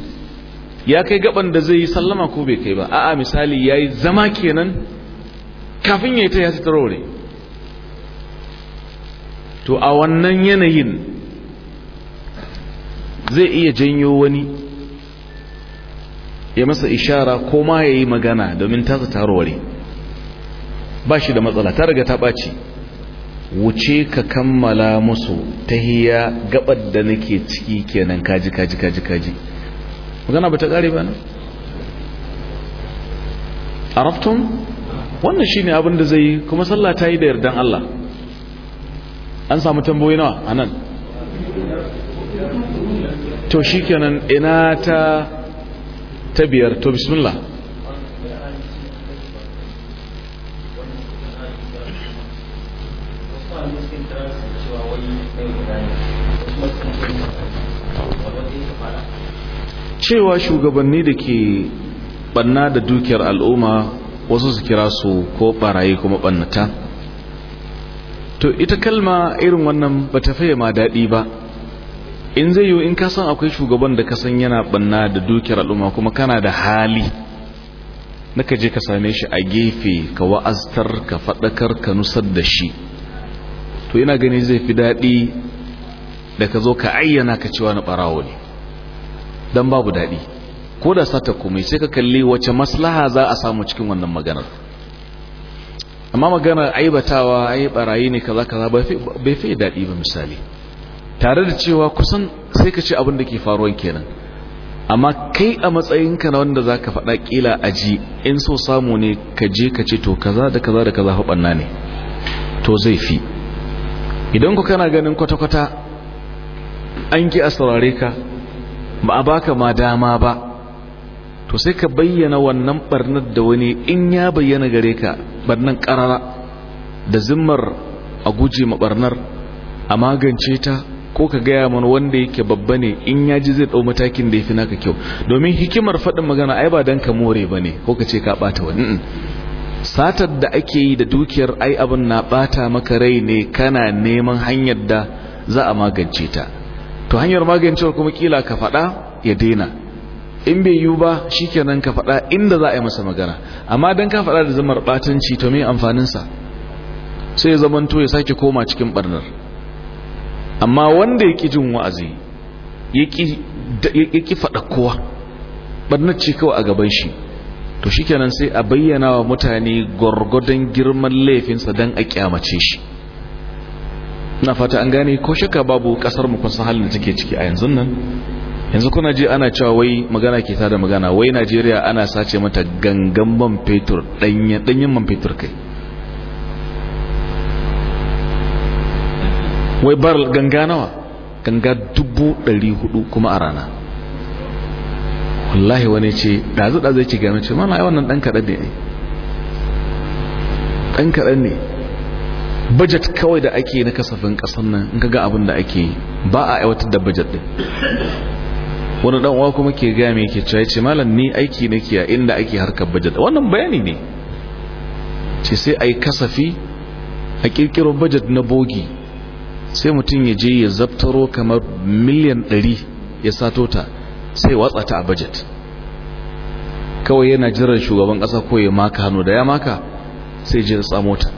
ya kai gaban da zai yi sallama ko bai kai ba a'a misali ya yi zama kenan kafin ya yi ta ya tarore to a wannan yanayin zai iya janyo wani ya masa ishara ko ma ya yi magana domin tasa tarore ba shi da matsala ta riga ta ɓaci wuce ka kammala musu tahiya gaɓar da nake ciki kenan kaji kaji kaji kaji magana ba ta ƙare ba ne arabtun wannan shine abin da zai yi kuma sallah ta yi da yardan Allah an samu tamboyi nawa a nan to shi kenan ina ta ta biyar to bismillah cewa shugabanni da ke banna da dukiyar al'umma wasu su kira su ko barayi kuma bannata to ita kalma irin wannan ba ta faye ma daɗi ba in zai yiwu in ka san akwai shugaban da ka san yana banna da dukiyar al'umma kuma kana da hali na ka je ka same shi a gefe ka wa'aztar ka faɗakar ka nusar da shi to yana gani zai fi daɗi da ka zo ka ayyana ka cewa na ɓarawo ne dan babu daɗi ko da sata komai sai ka kalli wace maslaha za a samu cikin wannan maganar amma maganar aibatawa ai barayi ne kaza kaza bai fi daɗi ba misali tare da cewa kusan sai ka ce abin da ke faruwan kenan amma kai a matsayinka na wanda za ka faɗa ƙila a in so samu ne ka je ka ce to kaza da kaza da kaza haɓanna ne to zai fi idan ku kana ganin kwata-kwata an ki a saurare ka ba a baka ma dama ba to sai ka bayyana wannan barnar da wani in ya bayyana gare ka barnan karara da zimmar a guje ma barnar a magance ta ko ka gaya mana wanda yake babba ne in ya ji zai ɗau matakin da ya fi naka kyau domin hikimar faɗin magana ai ba dan ka more ba ne ko ka ce ka ɓata wani satar da ake yi da dukiyar ai abin na ɓata maka rai ne kana neman hanyar da za a magance ta to hanyar magancewar kuma kila ka faɗa ya daina in bai yiwu ba shi kenan ka faɗa inda za a yi masa magana amma dan ka faɗa da zamar batanci to me amfanin sa sai ya zamanto ya sake koma cikin barnar amma wanda ya ki jin wa'azi ya ki faɗa kowa barnar ce kawai a gaban shi to shi kenan sai a bayyana wa mutane gwargwadon girman laifinsa don a kyamace shi na fata an gane ko shakka babu kasar mu kusan halin da take ciki a yanzu nan yanzu kuna ji ana cewa wai magana ke tada magana wai Najeriya ana sace mata gangan man fetur danyen danyen man fetur kai wai bar ganga nawa ganga dubu ɗari hudu kuma a rana wallahi wani ce ɗazu ɗazu ya ce gano ce mana ai wannan ɗan kaɗan ne ɗan kaɗan ne budget kawai da ake na kasafin kasar nan in kaga abin da ake yi ba a aiwatar da budget din wani dan uwa kuma ke gaya me yake cewa yace malam ni aiki nake a inda ake harkar budget wannan bayani ne ce sai ai kasafi a kirkiro budget na bogi sai mutum ya je ya zabtaro kamar miliyan 100 ya sato ta sai watsa ta a budget kawai yana jiran shugaban kasa ko ya maka hannu da ya maka sai je ya tsamo ta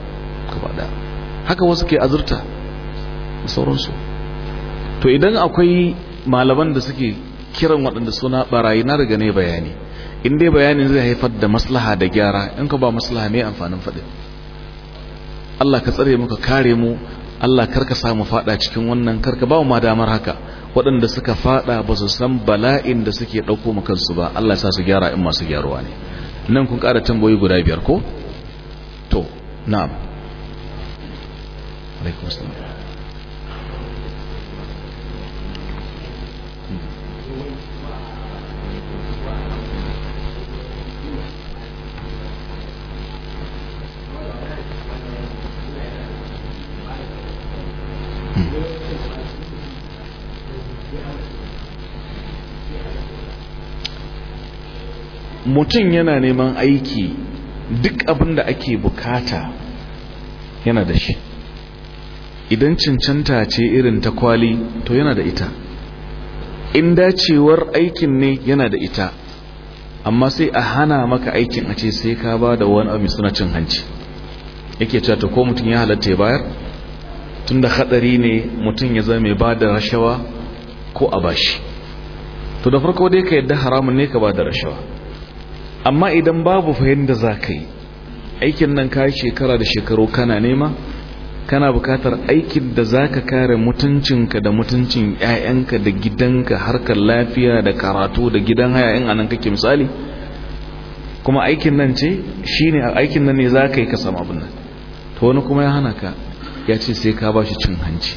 gaba daya haka wasu ke azurta da sauransu to idan akwai malaman da suke kiran waɗanda suna barayi na daga ne bayani in dai bayani zai haifar da maslaha da gyara in ka ba maslaha mai amfanin faɗin Allah ka tsare muka kare mu Allah karka samu faɗa cikin wannan karka ba mu damar haka waɗanda suka faɗa ba su san bala'in da suke ɗauko mu kansu ba Allah ya sa su gyara in masu gyaruwa ne nan kun ƙara tambayoyi guda biyar ko to na'am mutum yana neman aiki duk abin da ake bukata yana da shi idan cancanta ce irin ta kwali to yana da ita in dacewar aikin ne yana da ita amma sai a hana maka aikin a ce sai ka ba da wani abu suna cin hanci yake cewa ta ko mutum ya halatta ya bayar tun da hadari ne mutum ya zama mai ba da rashawa ko a bashi to da farko dai ka yadda haramun ne ka ba da rashawa amma idan babu fahimta za ka yi aikin nan ka shekara da shekaru kana nema kana bukatar aikin da zaka kare mutuncinka da mutuncin 'ya'yanka da gidanka harkar lafiya da karatu da gidan haya in anan kake misali kuma aikin nan ce shine aikin nan ne zaka yi ka samu abin nan to wani kuma ya hana ka ya ce sai ka bashi cin hanci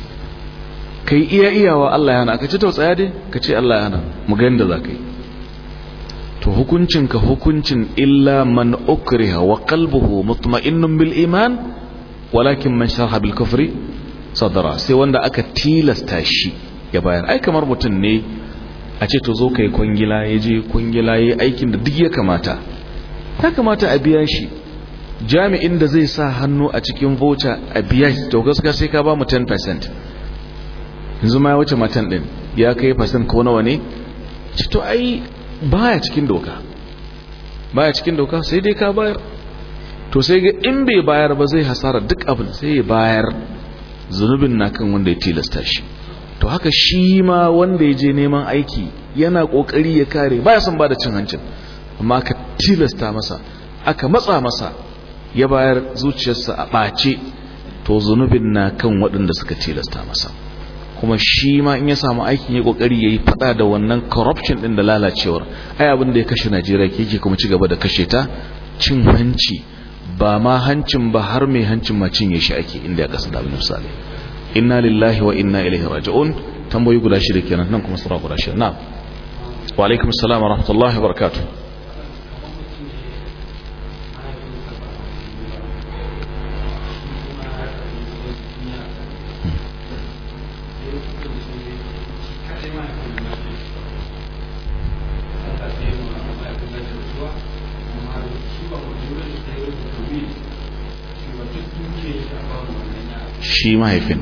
kai iya iyawa Allah ya hana ka ci to tsaya dai ka ce Allah ya hana mu ga yanda zaka yi to hukuncin ka hukuncin illa man ukriha wa qalbuhu mutma'innun bil iman walakin man sharha bil kufri sadara sai wanda aka tilasta shi ya bayar ai kamar mutum ne a ce to zo kai kungila yaje je yayi aikin da duk ya kamata ta kamata a biya shi jami'in da zai sa hannu a cikin voucher a biya shi to gaskiya sai ka ba mu 10% yanzu ma ya wuce matan din ya kai percent ko nawa ne ci to ai baya cikin doka baya cikin doka sai dai ka bayar to sai ga in bai bayar ba zai hasara duk abin sai ya bayar zunubin na kan wanda ya tilasta shi to haka shi ma wanda ya je neman aiki yana kokari ya kare baya son bada cin hancin amma aka tilasta masa aka matsa masa ya bayar zuciyarsa a ɓace to zunubin na kan waɗanda suka tilasta masa kuma shi ma in ya samu aiki ya kokari yi faɗa da wannan corruption ɗin da lalacewar ai abin da ya kashe Najeriya ke kuma ci gaba da kashe ta cin hanci ba ma hancin ba har mai hancin macin ya shi ake inda ya kasa da abin misali inna lillahi wa inna ilaihi raji'un tambayi guda shida kenan nan kuma sura guda shida na wa alaikum assalam wa rahmatullahi wa barakatuh mahaifin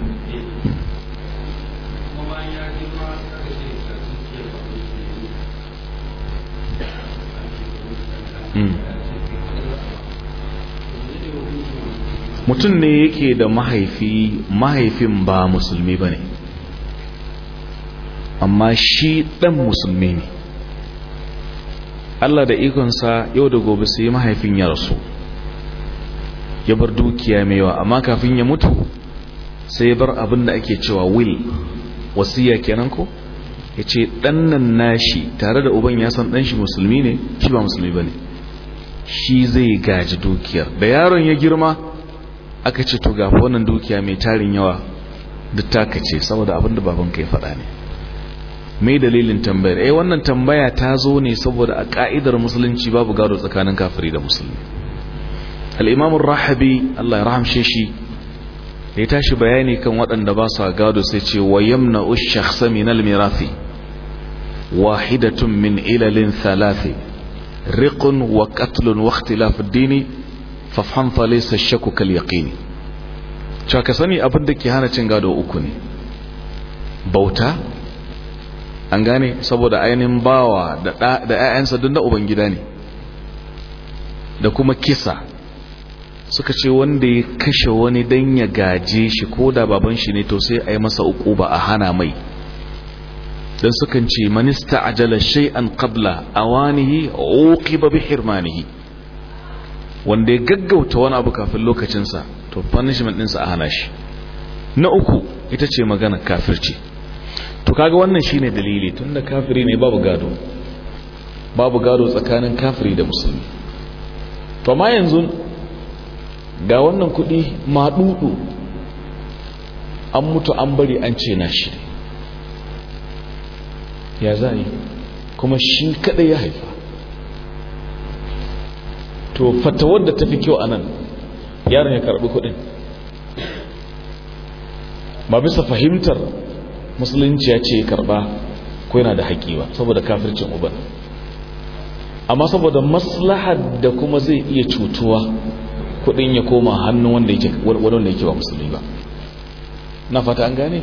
hmm. mutum ne yake da mahaifi mahaifin ba musulmi ba ne amma shi ɗan musulmi ne Allah da ikonsa yau da gobe sai mahaifin ya rasu ya bar dukiya mai yawa amma kafin ya mutu sai bar abin da ake cewa will wasiya kenan ko ya ce ɗannan nashi tare da uban ya san ɗanshi musulmi ne shi ba musulmi ba ne shi zai gaji dukiyar da yaron ya girma aka ce to gafi wannan dukiya mai tarin yawa duk taka ce saboda abin da babanka ya faɗa ne mai dalilin tambayar eh wannan tambaya ta zo ne saboda a ka'idar musulunci babu gado tsakanin kafiri da musulmi al imamu rahabi Allah ya rahamshe shi da ya tashi bayani kan waɗanda ba sa gado sai ce wa yamna ushakhsa min almirathi wahidatun min ilalin thalathi riqun wa qatlun wa ikhtilaf ad-dini fa faham laysa ash-shakku kal yaqin cewa ka sani abin da ke hana cin gado uku ne bauta an gane saboda ainihin bawa da da ƴaƴansa duk na ubangida ne da kuma kisa suka ce wanda ya kashe wani dan ya gaje shi ko da baban shi ne to sai a yi masa uku ba a hana mai dan sukan ce manista a shay'an qabla awanihi uqiba bi hirmanihi wanda ya gaggauta wani abu kafin lokacinsa to punishment ɗinsa a hana shi na uku ita ce magana kafirci to kaga wannan shine dalili tun da kafiri ne babu gado babu gado tsakanin kafiri da musulmi to ma yanzu ga wannan kudi maɗuɗu an mutu an bari an ce na shi ya za kuma shi kada ya haifa to fatawar da ta fi kyau a nan yaron ya karɓi kudin ba bisa fahimtar musulunci ya ce karɓa ko yana da haƙi ba saboda kafircin uban amma saboda maslahar da kuma zai iya cutuwa kudin ya koma hannu wanda yake wanda yake ba musulmi ba na fata an gane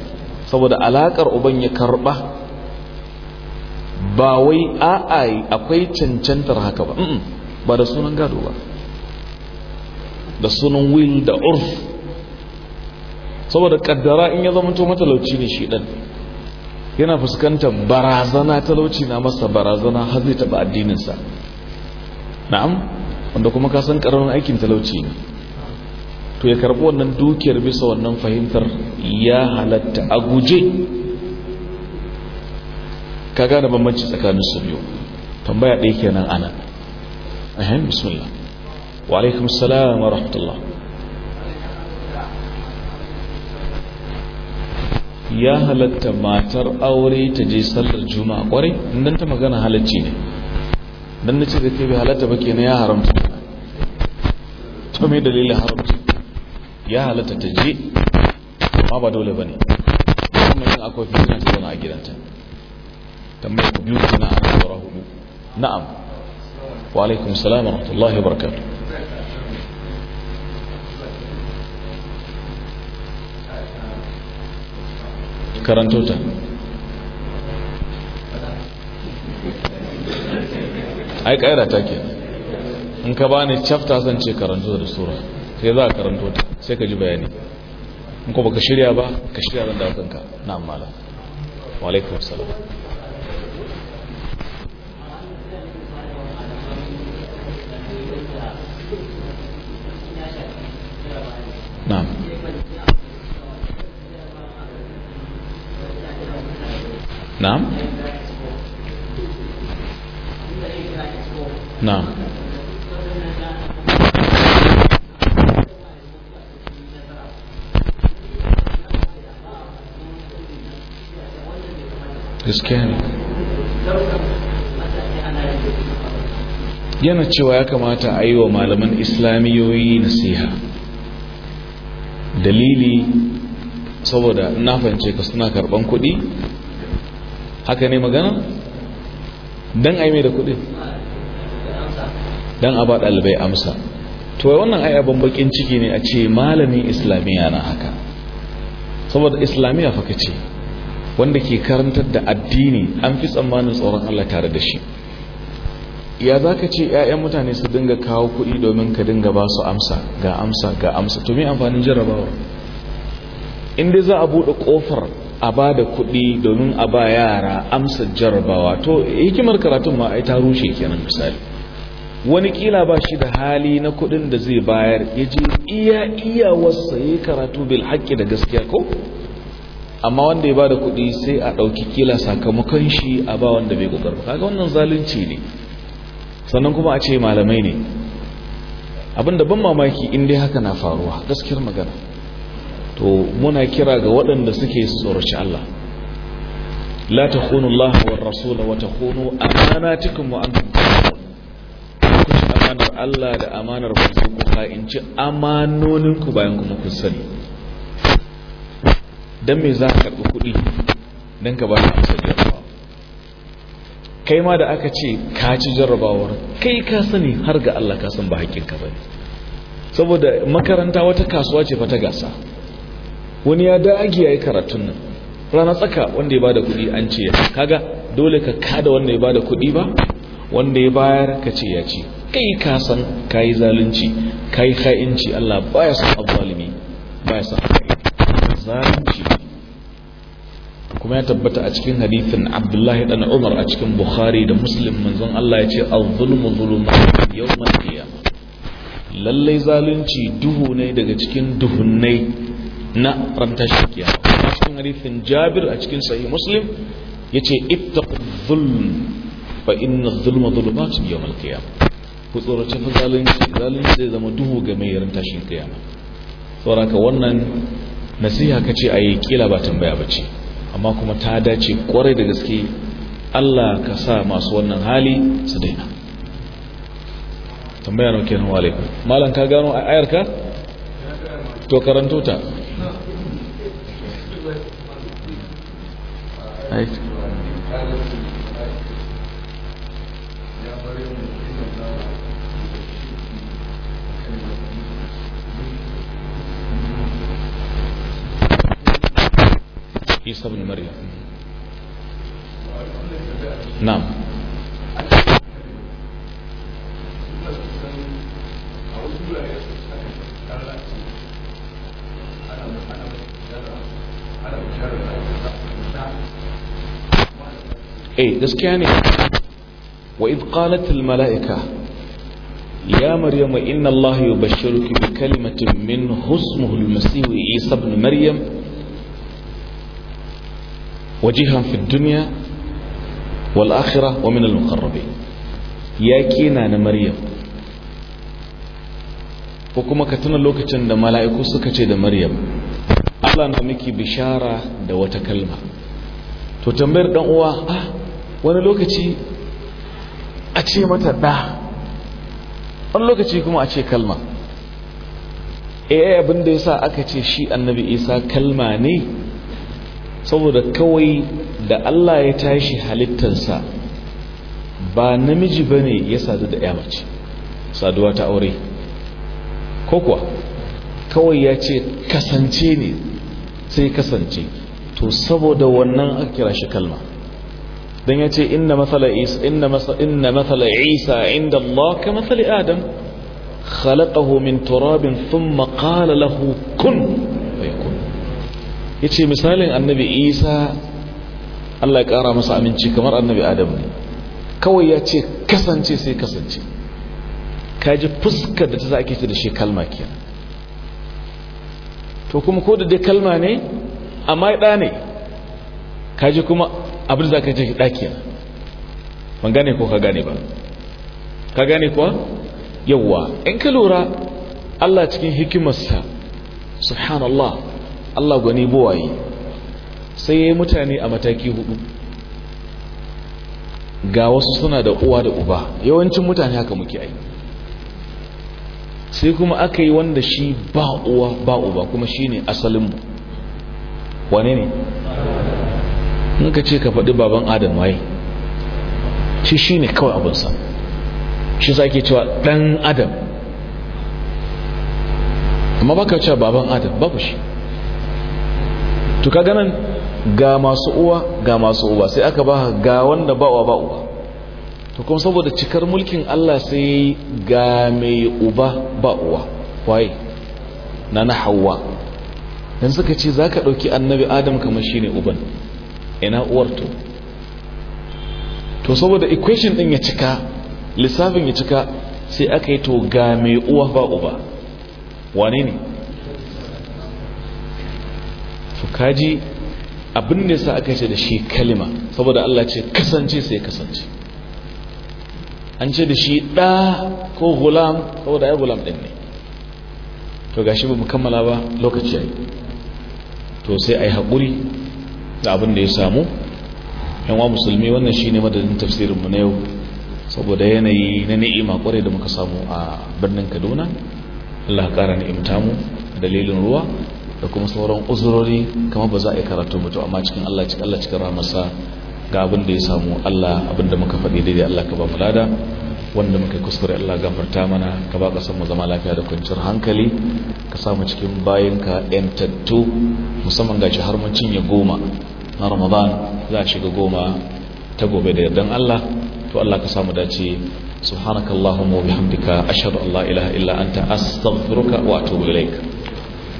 saboda alakar uban ya karba ba wai a'a akwai cancantar haka ba ba da sunan gado ba da sunan will da urf saboda kaddara in ya zama matalauci ne shi dan yana fuskantar barazana talauci na masa barazana har zai taba addininsa na'am wanda kuma ka san ƙaramin aikin talauci ne to ya karɓi wannan dukiyar bisa wannan fahimtar ya halatta a guje ka gane bambanci tsakanin su biyu tambaya ɗaya kenan ana ahem bismillah wa alaikum salam wa rahmatullah ya halatta matar aure ta je sallar juma'a kwarai dan ta magana halacci ne dan nace da ke bai halatta ba kenan ya haramta to me dalilin haramta ya halatta ta je amma ba dole bane kuma yin akwai fitina ta zauna a gidanta tambayar ku biyu na an saura hudu na'am wa alaikum salam wa rahmatullahi wa barakatuh ai kaira ta ke in ka bani chapter zan ce karanto da sura sai za ka karanto ta sai ka ji bayani in ko baka shirya ba ka shirya zan dawo kanka na malam wa alaikum assalam na'am نعم na'am gaskiya yana cewa ya kamata a yi wa malaman islamiyoyi nasiha dalili saboda na fahimce ka suna karban kuɗi haka ne magana don a da kuɗi dan a ba ɗalibai amsa to wannan ai abin bakin ciki ne a ce malamin islamiyya na haka saboda islamiyya fa kace wanda ke karantar da addini an fi tsammanin tsoron Allah tare da shi ya za ka ce 'ya'yan mutane su dinga kawo kuɗi domin ka dinga ba su amsa ga amsa ga amsa to me amfanin jarabawa in dai za a buɗe ƙofar a ba da kuɗi domin a ba yara amsa jarabawa to hikimar karatun ma ai ta rushe kenan misali wani kila ba shi da hali na kudin da zai bayar ya je iya iya wasa ya karatu bil haƙƙi da gaskiya ko amma wanda ya ba da kudi sai a ɗauki kila sakamakon shi a ba wanda bai ba kaga wannan zalunci ne sannan kuma a ce malamai ne abinda ban mamaki in dai haka na faruwa gaskiyar magana to muna kira ga waɗanda suke tsoraci Allah la takhunu Allah war rasula wa takhunu amanatikum wa Allah da amanar ku sai ku ci amanoninku bayan kuma kun sani don me za ka karɓi kuɗi don ka ba amsa jarrabawa kai ma da aka ce ka ci jarrabawar kai ka sani har ga Allah ka san ba haƙƙinka ba ne saboda makaranta wata kasuwa ce fa ta gasa wani ya dage yayi karatun nan rana tsaka wanda ya bada kuɗi an ce kaga dole ka kada wanda ya bada kuɗi ba wanda ya bayar ka ce ya ci kai ka san kai zalunci kai kha'inci Allah baya san azzalimi baya san zalunci kuma ya tabbata a cikin hadithin Abdullahi dan Umar a cikin Bukhari da Muslim manzon Allah ya ce az-zulmu zulumatun al qiyamah lallai zalunci duhu ne daga cikin duhunnai na rantar shakiya a cikin hadithin jabir a cikin sahih muslim ya ce ittaqu zulm fa inna zulma yawm al qiyamah ku tsoraci zalunci zalunci zai zama duhu ga mai yarin tashin kiyama sauraka wannan nasiha ka ce a yi kila ba tambaya ba ce amma kuma ta dace kwarai da gaske allah ka sa masu wannan hali su daina tambaya na kenan wa alaikum malam ka gano a ayarka to karanto ta Right. عيسى بن مريم نعم اي كان واذ قالت الملائكه يا مريم ان الله يبشرك بكلمه منه اسمه المسيح عيسى ابن مريم wajihan fi duniya wal akhirah wa min al muqarrabin na maryam ko kuma ka tuna lokacin da mala'iku suka ce da maryam Allah na miki bishara da wata kalma to tambayar dan uwa ah wani lokaci a ce mata da wani lokaci kuma a ce kalma abin da yasa aka ce shi annabi isa kalma ne saboda kawai da Allah ya tashi halittarsa ba namiji ba ne ya sadu da mace saduwa ta aure ko kuwa kawai ya ce kasance ne sai kasance to saboda wannan aka kira shi kalma don ya ce inna matsala isa inna matsala isa inda Allah ka matsali adam خلقه من تراب ثم قال له كن ya ce misalin annabi isa allah ya kara masa aminci kamar annabi adam ne kawai ya ce kasance sai kasance Ka ji fuskar da ta za a ta da shi kalma kenan to kuma ko da dai kalma ne amma ya ɗa ne ji kuma abin da za ka ce ɗa kenan ban gane ko ka gane ba ka gane kuwa yawwa in ka lura allah cikin hikimarsa subhanallah Allah gwani buwaye sai ya yi mutane a mataki hudu ga wasu suna da uwa da uba yawancin mutane haka muke ai sai kuma aka yi wanda shi ba uwa ba uba kuma shi ne asalinmu wane ne in ka ce ka faɗi baban adam waye shi shi ne kawai abinsa shi sa ke cewa ɗan adam amma baka cewa baban adam babu shi to kaga nan ga masu uwa ga masu uba sai aka ba ga wanda ba uwa ba uba to kuma saboda cikar mulkin Allah sai ga mai uba ba uwa waye na na hawa dan suka ce zaka dauki annabi adam kamar shine uban ina uwar to to saboda equation din ya cika lissafin ya cika sai aka yi to ga mai uwa ba uba wane ne Fukaji abin da sa aka ce da shi kalima saboda Allah ce kasance sai kasance an ce da shi ɗa ko gulam saboda ya gulam ɗin ne to gashi ba kammala ba lokaci to sai ai hakuri da abin da ya samu yanwa musulmi wannan shi ne madadin tafsirin mu na yau saboda yanayi na ni'ima kware da muka samu a birnin Kaduna Allah ya ƙara ni'imta mu dalilin ruwa da kuma sauran uzurori kamar ba za a yi karatu mutu amma cikin Allah cikin Allah cikin rahamarsa ga abin da ya samu Allah abin da muka faɗi daidai Allah ka ba mu lada wanda muka kuskure Allah gafarta mana ka ba kasar mu zama lafiya da kwanciyar hankali ka samu cikin bayan ka yantattu musamman shi har mun cinye goma na Ramadan za a shiga goma ta gobe da yardan Allah to Allah ka samu dace subhanakallahumma wa bihamdika ashhadu an la ilaha illa anta astaghfiruka wa atubu ilaik